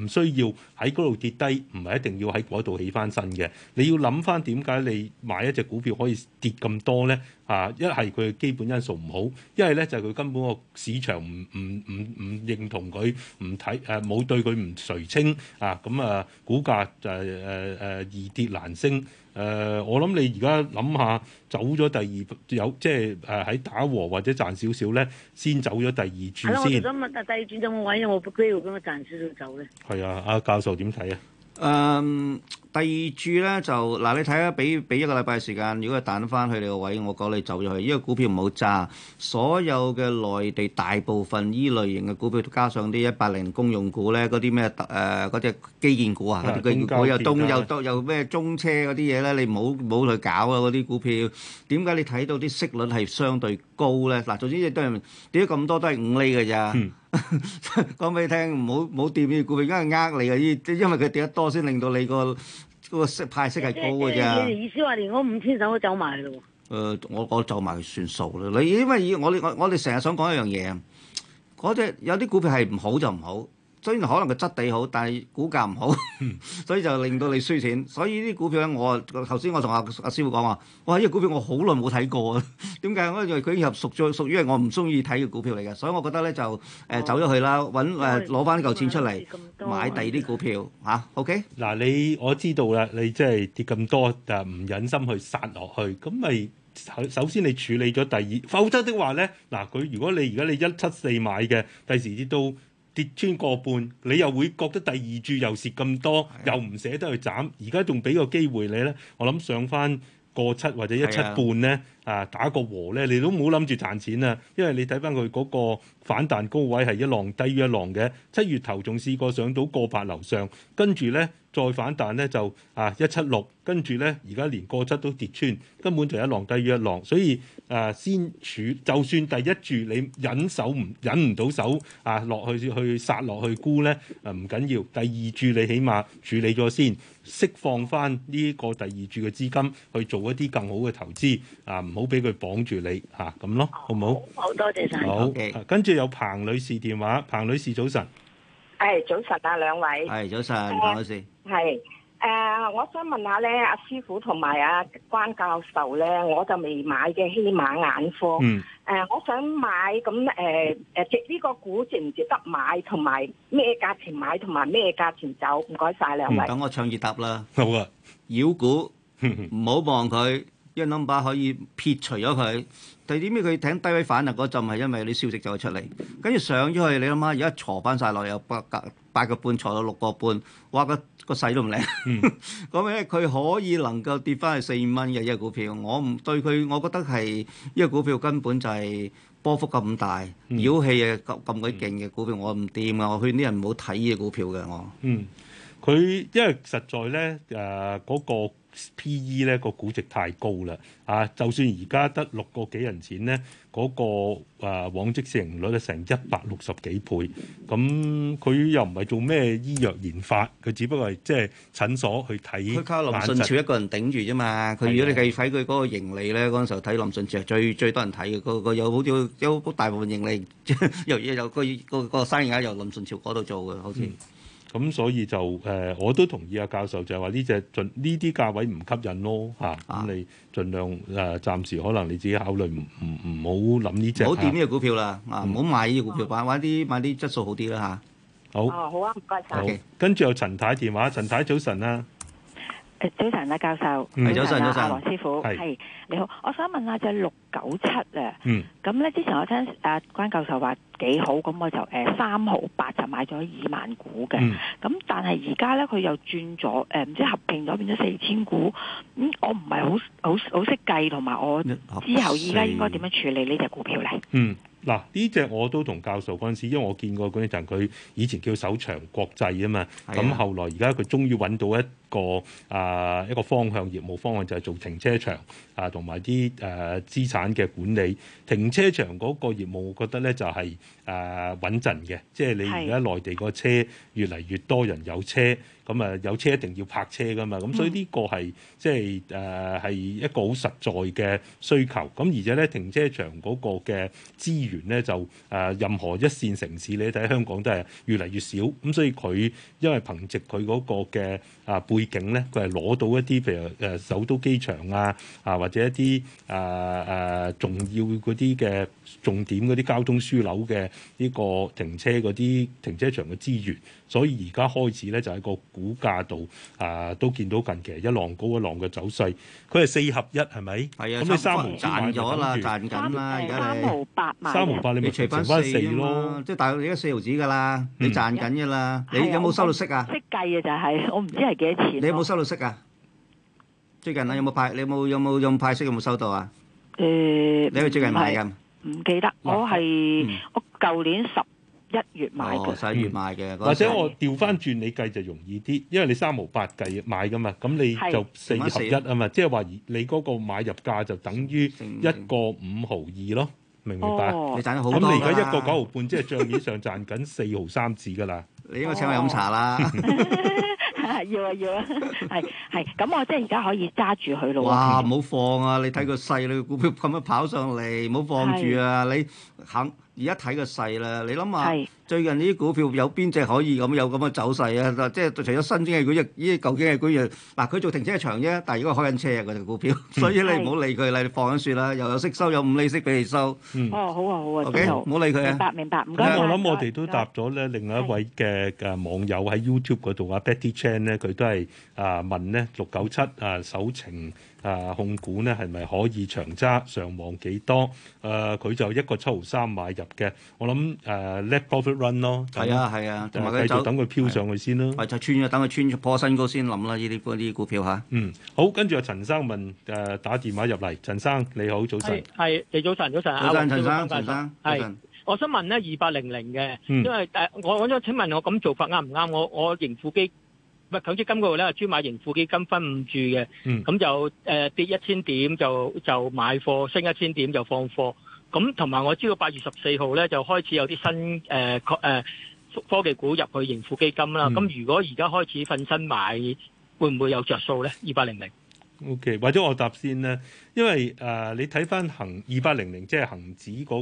需要喺嗰度跌低，唔係一定要喺嗰度起翻身嘅。你要諗翻點解你買一隻股票可以跌咁多咧？啊，一係佢嘅基本因素唔好，一係咧就佢、是、根本個市場唔唔唔唔認同佢，唔睇誒冇對佢唔垂青啊，咁啊，啊股價就誒誒易跌難升。誒、 呃，我諗你而家諗下，走咗第二有即係誒喺打和或者賺少少咧，先走咗第二轉先。係咯，我第第二轉點解我揾有冇機會咁樣賺少少走咧？係啊，阿教授點睇啊？誒、um，第二注咧就嗱，你睇下，俾俾一個禮拜時間，如果彈翻去你個位，我講你走咗去。依個股票唔好揸，所有嘅內地大部分依類型嘅股票，加上啲一百零公用股咧，嗰啲咩誒嗰隻基建股啊，嗰啲股，股又東又東又咩中車嗰啲嘢咧，你唔好唔好去搞啊！嗰啲股票點解你睇到啲息率係相對高咧？嗱，總之都係點解咁多都係五厘㗎咋？嗯講俾 你聽，唔好掂呢個股票，而家係呃你啊！依因為佢跌得多，先令到你個個息派息係高嘅啫。意思話連嗰五千手都走埋啦喎。誒、呃，我我走埋算數啦。你因為以我我我哋成日想講一樣嘢，嗰只有啲股票係唔好就唔好。雖然可能佢質地好，但係估價唔好，所以就令到你輸錢。所以呢啲股票咧，我頭先我同阿阿師傅講話，哇！呢個股票我好耐冇睇過，點解？我因為佢又屬在屬於係我唔中意睇嘅股票嚟嘅，所以我覺得咧就誒走咗佢啦，揾誒攞翻嚿錢出嚟買第二啲股票吓。OK？嗱，你我知道啦，你即係跌咁多就唔忍心去殺落去，咁咪首首先你處理咗第二，否則的話咧嗱，佢如果你而家你一七四買嘅，第時啲都。跌穿過半，你又會覺得第二注又蝕咁多，又唔捨得去斬。而家仲俾個機會你咧，我諗上返個七或者一七半咧。啊！打個和咧，你都冇諗住賺錢啊！因為你睇翻佢嗰個反彈高位係一浪低於一浪嘅，七月頭仲試過上到個百樓上，跟住咧再反彈咧就啊一七六，6，跟住咧而家連個七都跌穿，根本就一浪低於一浪，所以啊先處就算第一注你忍手唔忍唔到手啊落去，去殺落去沽咧啊唔緊要，第二注你起碼處理咗先，釋放翻呢個第二注嘅資金去做一啲更好嘅投資啊！唔好俾佢綁住你嚇，咁咯，好唔好？好多謝曬。好，跟住有彭女士電話。彭女士早晨，係早晨啊，兩位。係早晨，唔該曬。係誒，我想問下咧，阿師傅同埋阿關教授咧，我就未買嘅希馬眼科。嗯。誒，我想買，咁誒誒，值呢個股值唔值得買，同埋咩價錢買，同埋咩價錢走？唔該曬兩位。等我唱熱答啦。好啊，妖股唔好望佢。一 number 可以撇除咗佢，第二點咧佢挺低位反啊？嗰陣係因為啲消息就會出嚟，跟住上咗去，你諗下而家挫翻晒落有八八個半，挫到六個半，哇個個勢都唔靚。咁咧佢可以能夠跌翻去四五蚊嘅一個股票，我唔對佢，我覺得係一個股票根本就係波幅咁大，嗯、妖氣啊咁鬼勁嘅股票，我唔掂噶，我勸啲人唔好睇呢個股票嘅我。嗯，佢因為實在咧誒嗰個。P E 咧個估值太高啦、那個，啊，就算而家得六個幾銀錢咧，嗰個往績市盈率咧成一百六十幾倍，咁佢又唔係做咩醫藥研發，佢只不過係即係診所去睇。佢靠林順潮一個人頂住啫嘛，佢如果你計睇佢嗰個盈利咧，嗰陣時候睇林順潮最最多人睇嘅，個個有好似有，有，有大部分盈利，又又個個個生意額由林順潮嗰度做嘅好似。嗯咁所以就誒、呃，我都同意啊教授就係話呢隻盡呢啲價位唔吸引咯嚇，咁、啊啊、你儘量誒暫、呃、時可能你自己考慮唔唔唔好諗呢隻，唔好掂呢隻股票啦，啊唔好買呢隻股票，嗯、買買啲買啲質素好啲啦嚇。好，好啊，唔該曬。跟住有陳太電話，陳太早晨，早晨啊。早晨啊，教授，早晨，早晨安，早安王師傅，係是你好。我想問下隻六九七啊，就是、嗯，咁咧之前我聽誒關教授話幾好，咁我就誒三毫八就買咗二萬股嘅，咁、嗯、但係而家咧佢又轉咗誒，唔知合併咗變咗四千股，咁、嗯、我唔係好好好識計，同埋我之後依家應該點樣處理呢隻股票咧？嗯，嗱，呢、這、隻、個、我都同教授講先，因為我見過嗰陣佢以前叫首長國際啊嘛，咁的後來而家佢終於揾到一。個啊一個方向業務方案就係做停車場啊，同埋啲誒資產嘅管理。停車場嗰個業務，我覺得咧就係誒穩陣嘅，即係你而家內地個車越嚟越多人有車，咁啊有車一定要泊車噶嘛，咁所以呢個係即係誒係一個好實在嘅需求。咁而且咧停車場嗰個嘅資源咧就誒、啊、任何一線城市，你睇香港都係越嚟越少，咁所以佢因為憑借佢嗰個嘅啊。背景咧，佢係攞到一啲譬如誒首都機場啊，啊或者一啲誒誒重要嗰啲嘅重點嗰啲交通樞紐嘅呢個停車嗰啲停車場嘅資源，所以而家開始咧就係個股價度啊都見到近期一浪高一浪嘅走勢。佢係四合一係咪？係啊，咁你三毫賺咗啦，賺緊啦，而家你三毫八三毫八你咪除翻四咯，即係大概而家四毫子㗎啦，你賺緊㗎啦。你有冇收到息啊？識計嘅就係我唔知係幾多。你有冇收到息啊？最近啊，有冇派？你有冇有冇用派息？有冇收到啊？誒，你係最近買噶？唔記得，我係我舊年十一月買過。十一月買嘅，或者我調翻轉你計就容易啲，因為你三毛八計買噶嘛，咁你就四合一啊嘛，即係話你嗰個買入價就等於一個五毫二咯，明唔明白？你賺咗好多啦！咁你而家一個九毫半，即係帳面上賺緊四毫三字噶啦。你應該請我飲茶啦。 要啊，要啊，係 係，咁我即係而家可以揸住佢咯。哇，唔好是放啊！你睇個細路，股票咁樣跑上嚟，唔好放住啊！的你肯。而家睇個勢啦，你諗下最近呢啲股票有邊隻可以咁有咁嘅走勢啊？嗱，即係除咗新經濟嗰隻，呢究竟係嗰樣？嗱，佢做停車場啫，但係如果開緊車嘅嗰隻股票，所以你唔好理佢啦，你放喺度啦，又有息收，又有五厘息俾你收。哦，好啊，好啊，好，唔好理佢啊，明白明白。咁我諗我哋都答咗咧，另外一位嘅嘅網友喺 YouTube 嗰度啊，Betty Chan 咧，佢都係啊問咧六九七啊首情。啊，控股咧係咪可以長揸上望幾多？誒、呃，佢就一個七毫三買入嘅，我諗誒、呃、let profit run 咯，係啊係啊，啊繼續等佢飄上去先啦。係、啊、就穿啊，等佢穿破新高先諗啦，呢啲嗰啲股票吓，嗯，好，跟住阿陳生問誒、呃、打電話入嚟，陳生你好，早晨。係，你早晨，早晨。早晨，陳生，陳生。係，我想問咧，二八零零嘅，嗯、因為我我想請問我咁做法啱唔啱？我我盈富基金。強積金嗰度咧，專買盈富基金分唔住嘅，咁就誒跌一千點就就買貨，升一千點就放貨。咁同埋我知道八月十四號咧就開始有啲新誒誒、呃、科技股入去盈富基金啦。咁、嗯、如果而家開始瞓身買，會唔會有着數咧？二八零零。O.K. 或者我先答先咧，因為誒、呃、你睇翻恆二八零零，即係恆指嗰、那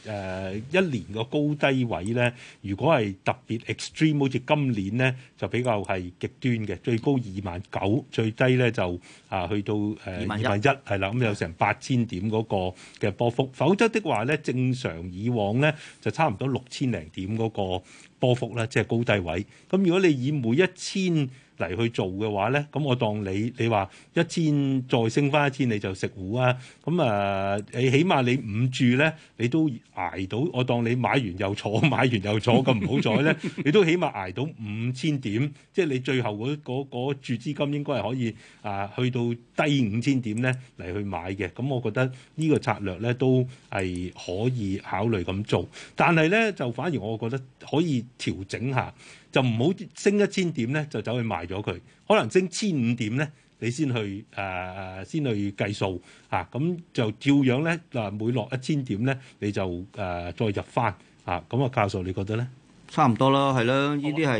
個、呃、一年個高低位咧，如果係特別 extreme，好似今年咧就比較係極端嘅，最高二萬九，最低咧就啊去到誒二萬一，係、呃、啦，咁 21. 有成八千點嗰個嘅波幅。否則的話咧，正常以往咧就差唔多六千零點嗰個波幅啦，即係高低位。咁如果你以每一千嚟去做嘅話咧，咁我當你你話一千再升翻一千，你就食糊啊？咁啊，你起碼你五注咧，你都捱到。我當你買完又坐，買完又坐，咁唔好彩咧，你都起碼捱到五千點。即係 你最後嗰嗰嗰注資金應該係可以啊，去到低五千點咧嚟去買嘅。咁我覺得呢個策略咧都係可以考慮咁做，但係咧就反而我覺得可以調整下。就唔好升一千點咧，就走去賣咗佢。可能升千五點咧，你先去誒誒、呃，先去計數嚇。咁、啊、就照樣咧，嗱每落一千點咧，你就誒、呃、再入翻嚇。咁啊，教授，你覺得咧？差唔多啦，係啦，呢啲係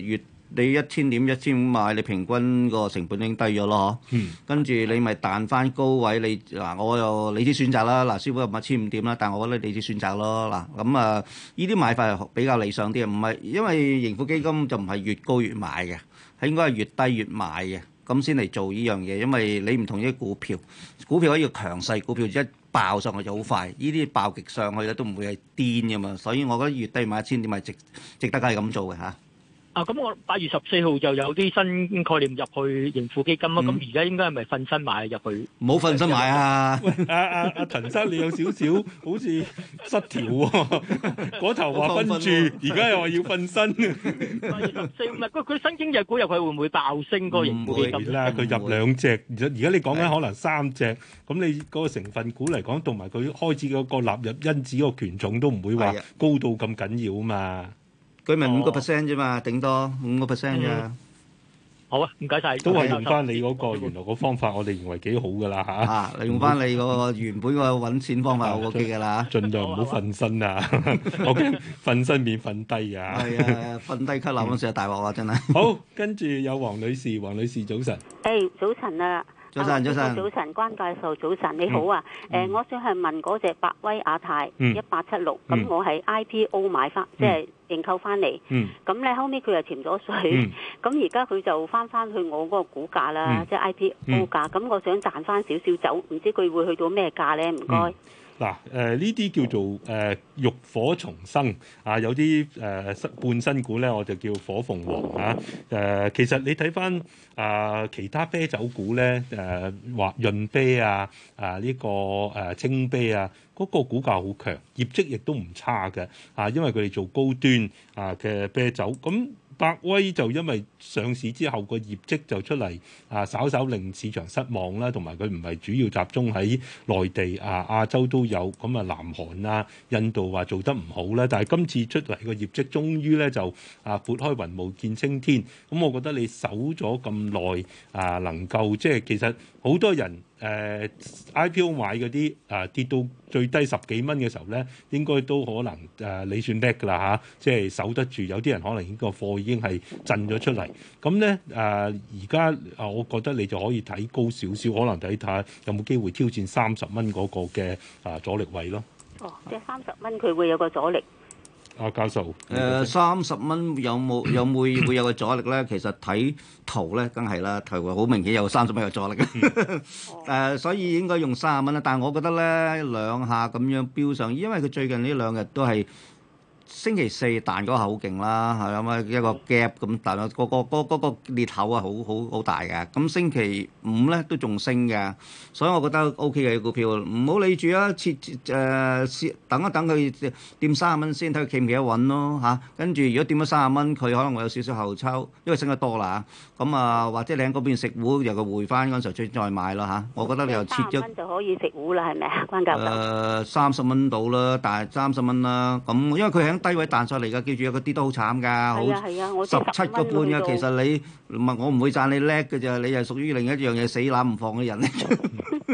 月。哦你一千點一千五買，你平均個成本已經低咗咯。跟住你咪彈翻高位，你嗱、啊、我又你啲選擇啦。嗱、啊，師傅又買一千五點啦，但我覺得你啲選擇咯嗱。咁啊，呢啲、啊、買法比較理想啲啊，唔係因為盈富基金就唔係越高越買嘅，係應該係越低越買嘅，咁先嚟做呢樣嘢。因為你唔同啲股票，股票可以強勢股票一爆上去就好快，呢啲爆極上去咧都唔會係癲嘅嘛。所以我覺得越低買一千點係值值得梗係咁做嘅嚇。啊啊，咁我八月十四號就有啲新概念入去盈富基金啊，咁而家應該係咪瞓身買入去？冇瞓身買啊！啊啊啊！陳生，你有少少好似失調喎，嗰頭話分注，而家又話要瞓身。八月十四唔係佢佢新經濟股入去會唔會爆升個盈富基金？唔會啦，佢入兩隻，而而家你講緊可能三隻，咁你嗰個成分股嚟講，同埋佢開始嗰個納入因子嗰個權重都唔會話高到咁緊要啊嘛。佢咪五個 percent 啫嘛，頂多五個 percent 咋？好啊，唔該曬。都係用翻你嗰個原來個方法，我哋認為幾好噶啦嚇。啊，用翻你嗰個原本個揾錢方法好過啲噶啦嚇。盡量唔好瞓身啊！我驚瞓身變瞓低啊！係啊，瞓低級啦！我成日大鑊啊，真係。好，跟住有黃女士，黃女士早晨。誒，早晨啊！早晨，早晨，早晨，關教授，早晨你好啊！誒，我想係問嗰隻百威亞太，一八七六，咁我係 IPO 買翻，即係。認購翻嚟，咁咧、嗯、後尾佢又潛咗水，咁而家佢就翻翻去我嗰個股價啦，即係 I P O 價，咁、嗯、我想賺翻少少走，唔知佢會去到咩價咧？唔該。嗯嗱，誒呢啲叫做誒浴、呃、火重生啊，有啲誒新半新股咧，我就叫火鳳凰啊。誒，其實你睇翻啊其他啤酒股咧，誒、啊、話潤啤啊，啊呢、這個誒青啤啊，嗰、啊那個股價好強，業績亦都唔差嘅啊，因為佢哋做高端啊嘅啤酒咁。百威就因為上市之後個業績就出嚟啊，稍稍令市場失望啦，同埋佢唔係主要集中喺內地啊，亞洲都有咁啊、嗯，南韓啊、印度話、啊、做得唔好啦，但係今次出嚟個業績終於咧就啊撥開雲霧見青天，咁我覺得你守咗咁耐啊，能夠即係其實好多人。誒、呃、IPO 買嗰啲啊跌到最低十幾蚊嘅時候咧，應該都可能誒、呃、你算叻㗎啦嚇，即係守得住。有啲人可能呢個貨已經係震咗出嚟，咁咧誒而家我覺得你就可以睇高少少，可能睇睇下有冇機會挑戰三十蚊嗰個嘅啊、呃、阻力位咯。哦，即係三十蚊佢會有個阻力。阿教授，誒、呃、三十蚊有冇有會會 有個阻力咧？其實睇圖咧，梗係啦，圖好明顯有三十蚊有阻力嘅、 呃，所以應該用三十蚊啦。但係我覺得咧，兩下咁樣飆上，因為佢最近呢兩日都係。星期四彈嗰個好勁啦，係啊，一個 gap 咁彈，個個嗰嗰個裂口啊好好好大嘅，咁星期五咧都仲升嘅，所以我覺得 OK 嘅股票，唔好理住啊，切誒、呃、等一等佢掂三十蚊先睇佢企唔企得穩咯嚇、啊，跟住如果掂咗三十蚊，佢可能會有少少後抽，因為升得多啦嚇。咁啊、嗯，或者你喺嗰邊食糊，又佢回翻嗰陣時候再買咯嚇、啊。我覺得你又切咗，就可以食糊啦，係咪、呃、啊？關格林。三十蚊到啦，但係三十蚊啦。咁因為佢喺低位彈出嚟㗎，記住個跌都好慘㗎，好十七個半嘅。其實你唔係我唔會讚你叻嘅啫，你係屬於另一樣嘢死攬唔放嘅人。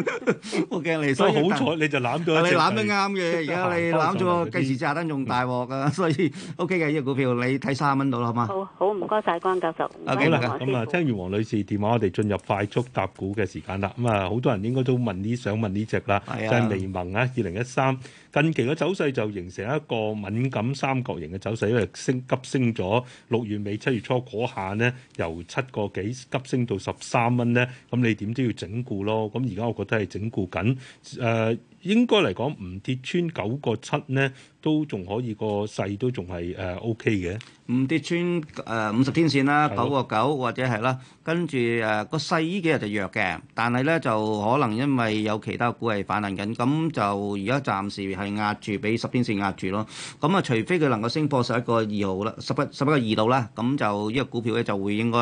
我驚你，所以好彩你就攬咗。你攬得啱嘅，而家你攬咗計時炸彈仲大鑊㗎！所以 OK 嘅呢隻股票，你睇三蚊到啦，好嘛？好好，唔該晒關教授。啊，OK 啦，咁啊，聽完黃女士電話，我哋進入快速答股嘅時間啦。咁啊，好多人應該都問呢，想問呢隻啦，就係微盟啊，二零一三。近期嘅走勢就形成一個敏感三角形嘅走勢，因為升急升咗六月尾七月初嗰下咧，由七個幾急升到十三蚊咧，咁你點都要整固咯。咁而家我覺得係整固緊，誒、呃。應該嚟講，唔跌穿九個七咧，都仲可以，個勢都仲係誒 OK 嘅。唔跌穿誒五十天線啦，九個九或者係啦，跟住誒個勢依幾日就弱嘅，但係咧就可能因為有其他股係反彈緊，咁就而家暫時係壓住，俾十天線壓住咯。咁啊，除非佢能夠升破十一個二號啦，十一十一個二度啦，咁就依個股票咧就會應該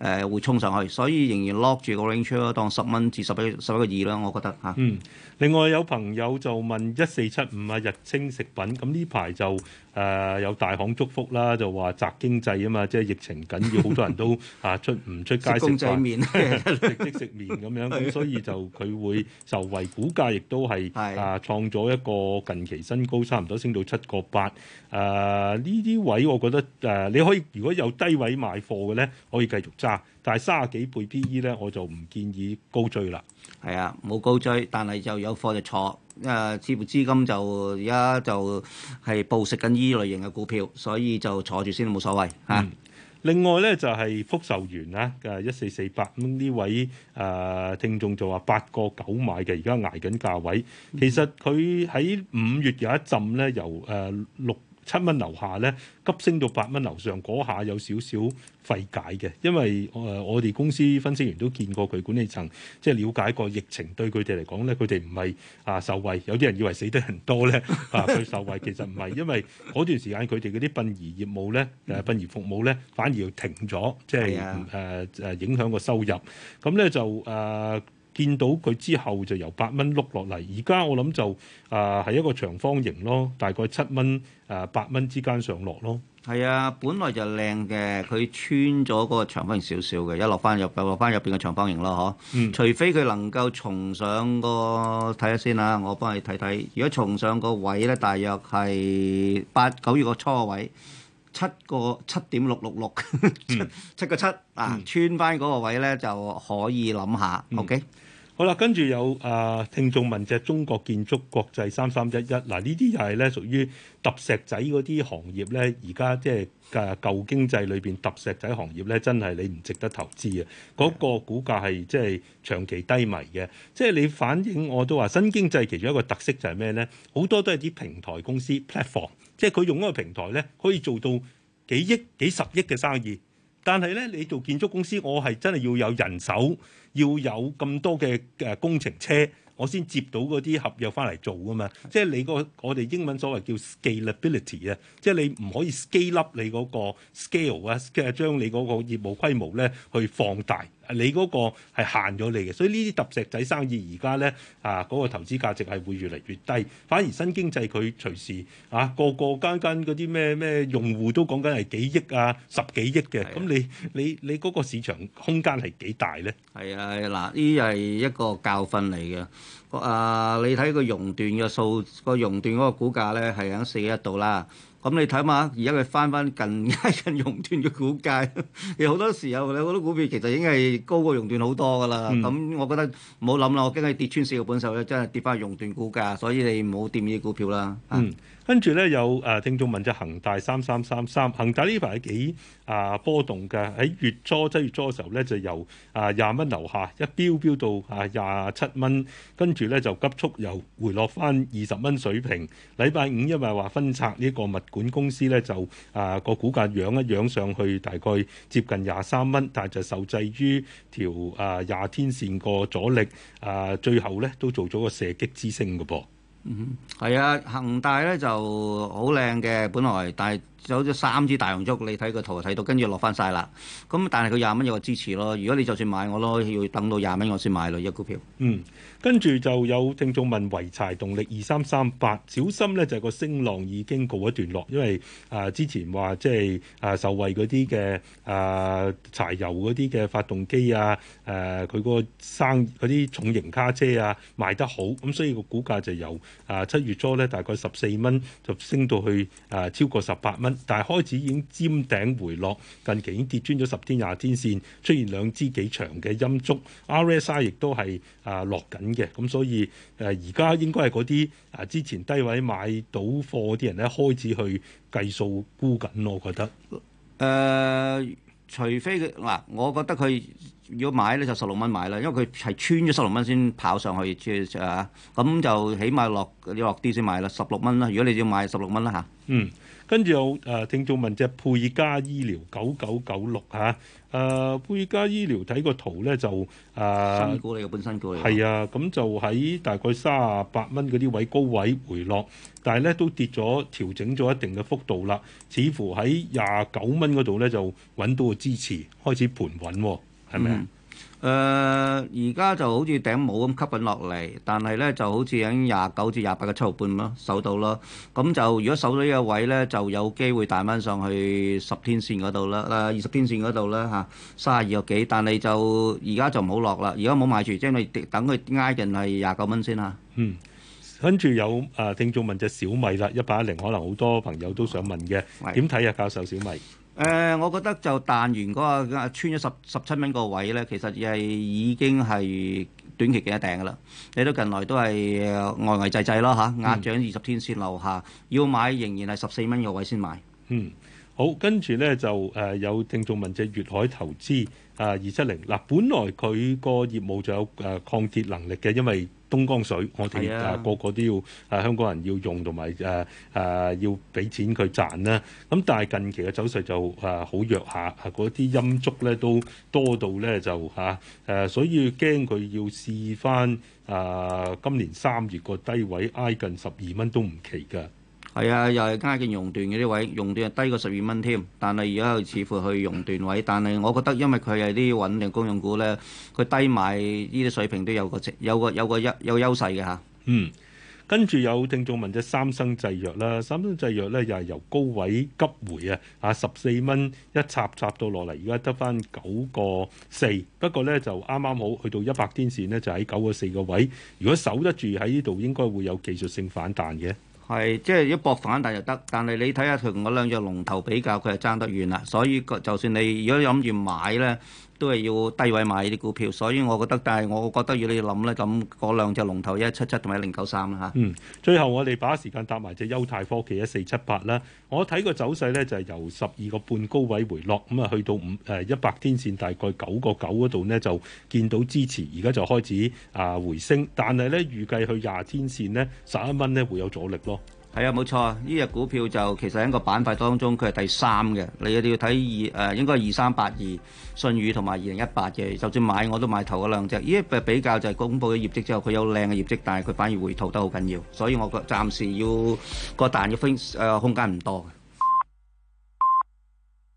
誒會衝上去，所以仍然 lock 住個 range 咯，當十蚊至十一十一個二啦，我覺得嚇。嗯，另外有朋。朋友就問：「一四七五啊，日清食品」咁呢排就。誒、呃、有大行祝福啦，就話宅經濟啊嘛，即係疫情緊要，好多人都啊出唔 出，出街食飯， 即食麵咁樣，咁 所以就佢會受惠，就為股價亦都係啊創咗一個近期新高，差唔多升到七個八。誒呢啲位，我覺得誒、呃、你可以如果有低位買貨嘅咧，可以繼續揸，但係卅幾倍 P E 咧，我就唔建議高追啦。係啊，冇高追，但係就有貨就坐。誒置換資金就而家就係捕食緊依類型嘅股票，所以就坐住先都冇所謂嚇、啊嗯。另外咧就係、是、福壽園啊嘅一四四八，咁呢位誒聽眾就話八個九買嘅，而家捱緊價位。其實佢喺五月有一陣咧由誒六。呃七蚊樓下咧急升到八蚊樓上，嗰下有少少費解嘅，因為誒我哋公司分析員都見過佢管理層，即係了解過疫情對佢哋嚟講咧，佢哋唔係啊受惠，有啲人以為死得人多咧啊佢受惠，其實唔係，因為嗰段時間佢哋嗰啲殯儀業務咧誒殯儀服務咧反而要停咗，即係誒誒影響個收入，咁咧就誒。見到佢之後就由八蚊碌落嚟，而家我諗就啊係一個長方形咯，大概七蚊啊八蚊之間上落咯。係啊，本來就靚嘅，佢穿咗嗰個長方形少少嘅，一落翻入落翻入邊嘅長方形咯，嗬、嗯。除非佢能夠重上個睇下先啊，我幫你睇睇。如果重上個位咧，大約係八九月個初位，七個七點六六六七個七啊，嗯、穿翻嗰個位咧就可以諗下，OK。好啦，跟住有啊、呃，聽眾問隻中國建築國際三三一一，嗱呢啲又係咧屬於揼石仔嗰啲行業咧，而家即係啊舊經濟裏邊揼石仔行業咧，真係你唔值得投資啊！嗰、那個股價係即係長期低迷嘅，即係你反映我都話新經濟其中一個特色就係咩咧？好多都係啲平台公司 platform，即係佢用一個平台咧，可以做到幾億幾十億嘅生意。但係咧，你做建築公司，我係真係要有人手，要有咁多嘅誒工程車，我先接到嗰啲合約返嚟做㗎嘛。即係你個我哋英文所謂叫 scalability 啊，即係你唔可以 scale up 你嗰個 scale 啊，即係將你嗰個業務規模咧去放大。你嗰個係限咗你嘅，所以呢啲揼石仔生意而家咧啊嗰、嗰個投資價值係會越嚟越低，反而新經濟佢隨時啊個個間間嗰啲咩咩用戶都講緊係幾億啊十幾億嘅，咁、啊、你你你嗰個市場空間係幾大咧？係啊，嗱、啊，呢係一個教訓嚟嘅。啊，你睇個熔斷嘅數，嗰個熔斷嗰個股價咧係喺四一度啦。咁你睇下而家佢翻翻近家 近熔斷嘅股價，有好多時候，你好多股票其實已經係高過熔斷好多噶啦。咁、嗯、我覺得唔好諗啦，我驚佢跌穿四個本手咧，真係跌翻去熔斷股價，所以你唔好掂呢啲股票啦。啊、嗯。跟住咧有誒聽眾問隻恒大三三三三，恒大呢排係幾啊波動㗎。喺月初即係月初嘅時候咧，就由啊廿蚊樓下一飆飆到啊廿七蚊，跟住咧就急速又回落翻二十蚊水平。禮拜五因為話分拆呢個物管公司咧，就啊個股價揚一揚上去，大概接近廿三蚊，但係就受制於條啊廿天線個阻力，啊最後咧都做咗個射擊之星嘅噃。嗯，係啊，恒大咧就好靚嘅，本來，但係。有隻三支大陽燭，你睇個圖睇到，跟住落翻晒啦。咁但係佢廿蚊有個支持咯。如果你就算買我咯，要等到廿蚊我先買咯，一、這個股票。嗯。跟住就有聽眾問濰柴動力二三三八，小心呢就係、是、個升浪已經告一段落，因為啊、呃、之前話即係啊、呃、受惠嗰啲嘅啊柴油嗰啲嘅發動機啊，誒佢個生嗰啲重型卡車啊賣得好，咁、嗯、所以個股價就由啊、呃、七月初呢，大概十四蚊就升到去啊、呃、超過十八蚊。但係開始已經尖頂回落，近期已經跌穿咗十天、廿天線，出現兩支幾長嘅陰燭。RSI 亦都係啊落緊嘅，咁所以誒而家應該係嗰啲啊之前低位買到貨啲人咧開始去計數沽緊咯。我覺得誒、呃，除非佢嗱、啊，我覺得佢要買咧就十六蚊買啦，因為佢係穿咗十六蚊先跑上去，即係咁就起碼落要落啲先買啦，十六蚊啦。如果你要買，十六蚊啦嚇嗯。跟住有誒，又聽眾問隻沛嘉醫療九九九六嚇，誒沛嘉醫療睇個圖咧就誒，啊、新高咧啊，係啊，咁就喺大概卅八蚊嗰啲位高位回落，但係咧都跌咗調整咗一定嘅幅度啦，似乎喺廿九蚊嗰度咧就揾到個支持，開始盤穩喎、哦，係咪啊？嗯誒而家就好似頂帽咁吸引落嚟，但係咧就好似喺廿九至廿八嘅七毫半咁守到咯。咁就如果守到呢個位咧，就有機會彈翻上去十天線嗰度啦，啦二十天線嗰度啦嚇，卅二個幾。但係就而家就唔好落啦，而家冇賣住，即、就、係、是、等佢挨近係廿九蚊先啦、啊。嗯，跟住有啊、呃，聽眾問隻小米啦，一百一零可能好多朋友都想問嘅，點睇的啊，教授小米？誒、呃，我覺得就彈完嗰個穿咗十十七蚊個位咧，其實亦已經係短期見一頂㗎喇。你都近來都係呆呆滯滯咯嚇，壓漲二十天線樓下，要買仍然係十四蚊個位先買。嗯，好，跟住咧就誒、呃、有聽眾問隻粵海投資啊二七零嗱，本來佢個業務就有誒抗、呃、跌能力嘅，因為。東江水，我哋的啊個個都要啊，香港人要用，同埋誒誒要俾錢佢賺啦。咁但係近期嘅走勢就誒好弱下，啊嗰啲陰燭咧都多到咧就嚇誒、啊，所以驚佢要試翻啊今年三月個低位挨近十二蚊都唔奇㗎。係啊，又係加嘅熔斷嗰啲位，熔斷係低過十二蚊添。但係而家又似乎去熔斷位，但係我覺得因為佢係啲穩定公用股咧，佢低買呢啲水平都有個有個有個有個優勢嘅嚇。嗯，跟住有聽眾問隻三生製藥啦，三生製藥咧又係由高位急回啊，啊十四蚊一插插到落嚟，而家得翻九個四。不過咧就啱啱好去到一百天線呢，就喺九個四個位。如果守得住喺呢度，應該會有技術性反彈嘅。係，即係一搏反彈就得，但係你睇下同嗰兩隻龍頭比較，佢係爭得遠啦。所以就算你如果諗住買咧。都係要低位買啲股票，所以我覺得，但係我覺得要你諗咧，咁嗰兩隻龍頭93、啊，一七七同埋一零九三啦，嚇。嗯，最後我哋把時間搭埋隻優泰科技一四七八啦。我睇個走勢咧，就係、是、由十二個半高位回落，咁、嗯、啊去到五誒一百天線大概九個九嗰度呢，就見到支持，而家就開始啊回升，但係咧預計去廿天線呢，十一蚊呢，會有阻力咯。係啊，冇錯，呢隻股票就其實喺個板塊當中，佢係第三嘅。你哋要睇二誒、呃，應該係二三八二信宇同埋二零一八嘅。就算買我都買頭嗰兩隻。依一比較就係公布咗業績之後，佢有靚嘅業績，但係佢反而回吐得好緊要，所以我覺暫時要、這個彈嘅風誒空間唔多。